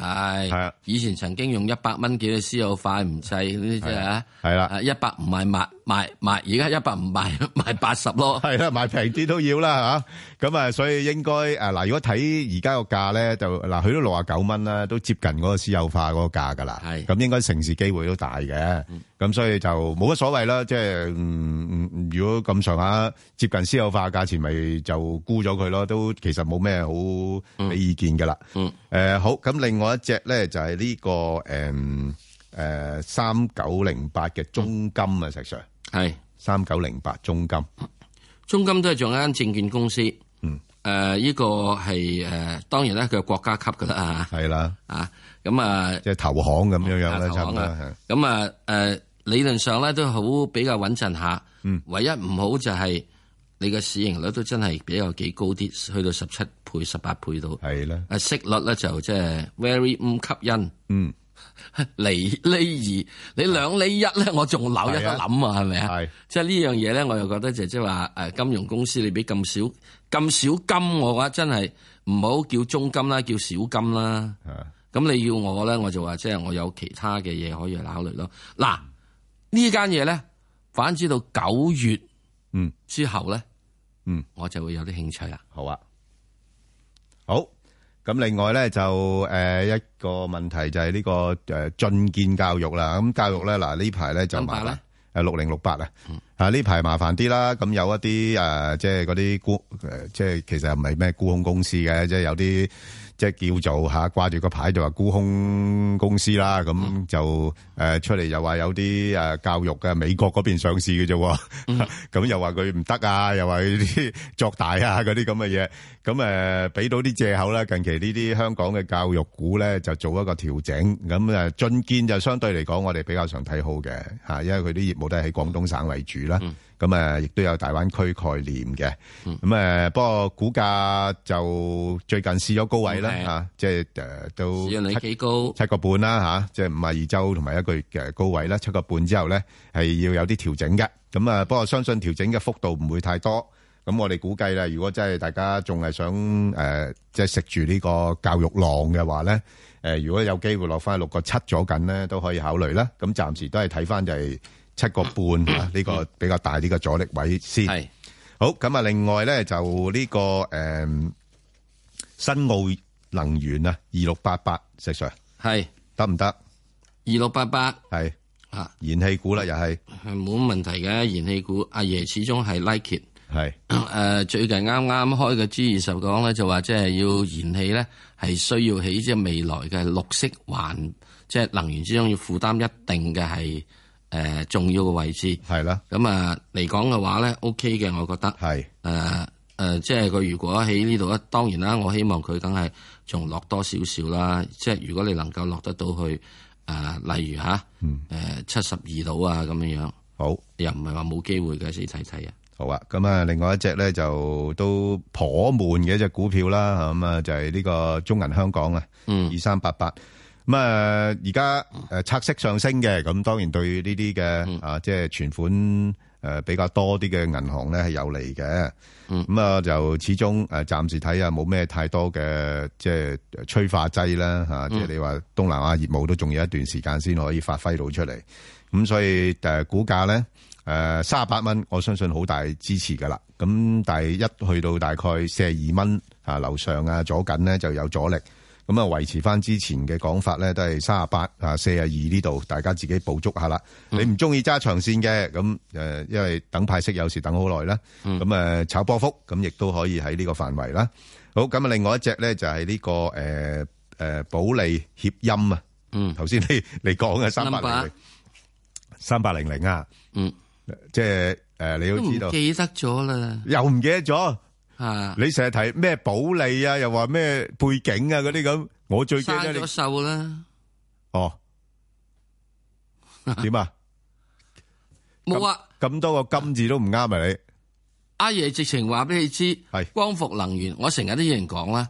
係，以前曾經用一百蚊幾嘅私有化唔制呢啲啫嚇，係啦，一百唔賣賣賣，而家一百唔賣賣八十咯，係啦，賣平啲都要啦嚇。咁啊，所以應該啊嗱，如果睇而家個價咧，就嗱，佢都六十九蚊啦，都接近嗰個私有化嗰個價噶啦。係，咁應該成事機會都大嘅。咁所以就冇乜所謂啦。即係如果咁上下接近私有化價錢，咪就沽咗佢咯。都其實冇咩好俾意見噶啦。嗯，誒好，咁另外。我一隻咧就係呢、這個誒誒三九零八嘅中金啊，石 Sir 係三九零八中金，中金都係做一間證券公司，嗯誒、呃、呢、這個係誒、呃、當然咧佢係國家級噶啦啊，係啦啊咁啊即係投行咁樣樣啦，差唔多吓，咁啊誒、呃、理論上咧都好比較穩陣下，嗯、唯一唔好就係你嘅市盈率都真係比較幾高啲，去到十七。倍十八倍到，係啦，啊息率咧就即係 very 唔吸引，嗯，嚟厘二，你兩厘一咧，我仲留一個諗啊，係咪啊？係，即係呢樣嘢咧，我又覺得就即係話誒，金融公司你俾咁少咁少金我話，真係唔好叫中金啦，叫小金啦，咁你要我咧，我就話即係我有其他嘅嘢可以考慮咯。嗱，呢間嘢咧，反之到九月嗯之後咧，嗯，我就會有啲興趣啦。好啊。好，咁另外咧就誒一個問題就係呢個誒進建教育啦，咁教育咧嗱，呢排咧就麻煩誒六零六八啊，啊呢排麻煩啲啦，咁有一啲誒即係嗰啲沽，誒即係其實唔係咩沽空公司嘅，即係有啲。即係叫做嚇掛住個牌就話沽空公司啦，咁就誒出嚟又話有啲誒教育嘅美國嗰邊上市嘅啫，咁又話佢唔得啊，又話佢啲作大啊嗰啲咁嘅嘢，咁誒俾到啲借口啦。近期呢啲香港嘅教育股咧就做一個調整，咁誒進堅就相對嚟講我哋比較常睇好嘅嚇，因為佢啲業務都係喺廣東省為主啦。咁誒，亦都有大灣區概念嘅。咁、嗯、誒，不過股價就最近試咗高位啦嚇，即係誒都試你幾高七個半啦嚇，即係五廿二周同埋一個月嘅高位啦，七個半之後咧係要有啲調整嘅。咁啊，不過相信調整嘅幅度唔會太多。咁我哋估計啦，如果真係大家仲係想誒，即係食住呢個教育浪嘅話咧，誒，如果有機會落翻去六個七咗緊咧，都可以考慮啦。咁暫時都係睇翻就係、是。七個半啊！呢、這個比較大啲嘅阻力位先。係好咁啊。那另外咧就呢、這個誒、嗯、新奧能源啊，二六八八石碎係得唔得？二六八八係啊，燃氣股啦又係冇乜問題嘅燃氣股。阿爺始終係 like 係誒、 呃，最近啱啱開嘅 G 二十講咧就話即係要燃氣咧係需要喺即係未來嘅綠色環即係能源之中要負擔一定嘅係。誒重要嘅位置係啦，咁啊嚟講嘅話咧，OK 嘅，我覺得係、OK、誒、呃呃、即係佢如果喺呢度咧，當然啦，我希望佢梗係仲落多少少啦，即係如果你能夠落得到去、呃、例如吓，誒七十二度啊咁、嗯呃、樣好又唔係話冇機會嘅，你睇睇啊，好啊，咁啊，另外一隻咧就都頗悶嘅一隻股票啦，咁啊就係、是、呢個中銀香港啊，二三八八。咁啊，而家誒拆息上升嘅，咁當然對呢啲嘅啊，即係存款誒比較多啲嘅銀行咧係有利嘅。咁、嗯、啊，就始終誒暫時睇下冇咩太多嘅即係催化劑啦嚇。即係你話東南亞業務都仲要一段時間先可以發揮到出嚟。咁所以誒股價咧誒三十八蚊，我相信好大支持噶啦。咁但係一去到大概四十二蚊啊，樓上啊左近咧就有阻力。咁啊，維持翻之前嘅講法咧，都係三十八啊，四十二呢度，大家自己補足下啦、嗯。你唔中意揸長線嘅，咁誒，因為等派息有時等好耐啦。咁、嗯、啊，炒波幅咁亦都可以喺呢個範圍啦。好，咁啊，另外一隻咧就係呢、這個誒誒、呃呃、保利協鑫啊。嗯，頭先你你講嘅三八零零，三八零零啊。嗯，即係誒，你要知道，記得咗啦，又唔記得咗。啊、你成日睇咩保利啊，又話咩背景啊，嗰啲咁，我最驚得你咗啦。哦，點啊？冇 啊。咁多個金字都唔啱啊！你阿爺、啊、直情話俾你知，光伏能源我成日都有人講啦。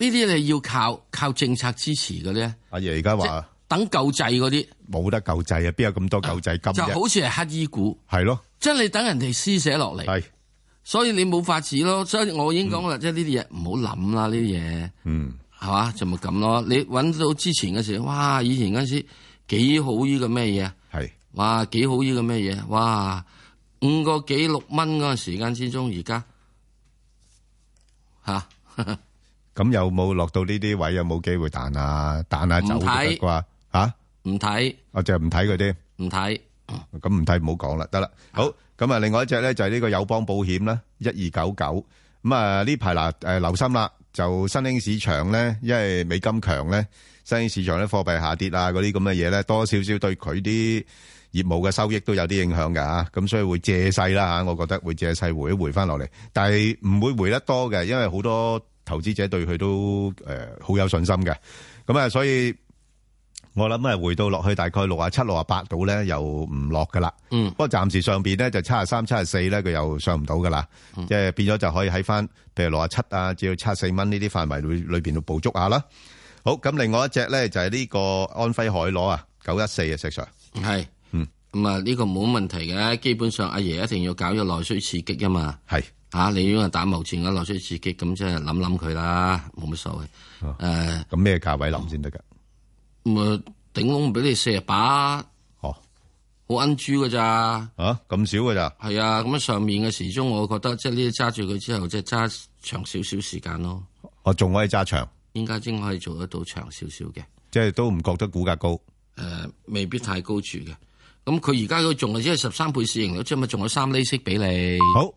呢啲你要靠靠政策支持嗰啲。阿爺而家話等救濟嗰啲，冇得救濟啊！邊有咁多救濟金啫？就好似係乞衣股，係咯，即係你等人哋施捨落嚟。所以你冇法子咯，所以我已經講啦，即係呢啲嘢唔好諗啦，呢啲嘢，嗯，係嘛，就咪咁咯。你搵到之前嘅時候，哇，以前嗰時幾好呢個咩嘢？係哇，幾好呢個咩嘢？哇，五個幾六蚊嗰陣時間之中，而家吓咁有冇落到呢啲位，有冇機會彈啊？彈啊，走就得啩？吓？唔睇？我就唔睇佢啫。唔睇。咁唔睇唔好講啦，得啦，好。咁啊，另外一隻咧就係呢個友邦保險啦，一二九九。咁啊呢排嗱誒留心啦，就新興市場咧，因為美金強咧，新興市場咧貨幣下跌啊，嗰啲咁嘅嘢咧，多少少對佢啲業務嘅收益都有啲影響嘅啊。咁所以會借勢啦吓，我覺得會借勢會回翻落嚟，但係唔會回得多嘅，因為好多投資者對佢都誒好有信心嘅。咁啊，所以。我諗係回到落去大概六啊七六啊八度咧，又唔落噶啦。嗯，不過暫時上邊咧就七十三七十四咧，佢又上唔到噶啦。即、嗯、係變咗就可以喺翻，譬如六啊七啊，至到七十四蚊呢啲範圍裏裏邊度捕捉下啦。好，咁另外一隻咧就係呢個安徽海螺啊，九一四啊，石 sir。係。嗯咁啊，呢、這個冇問題嘅，基本上阿爺一定要搞個內需刺激噶嘛。係吓，你因為打貿易戰嘅內需刺激，咁即係諗諗佢啦，冇乜所謂。誒、哦，咁咩價位諗先得噶？嗯唔啊，頂窿唔俾你四十把，哦，好恩珠噶咋？吓咁少噶咋？係啊，咁、啊、上面嘅時鐘，我覺得即係呢啲揸住佢之後，即係揸長少少時間咯。我仲可以揸長，應家先可以做得到長少少嘅，即係都唔覺得股價高。誒、呃，未必太高住嘅。咁佢而家都仲係只係十三倍市盈率，即係咪仲有三厘息俾你？好。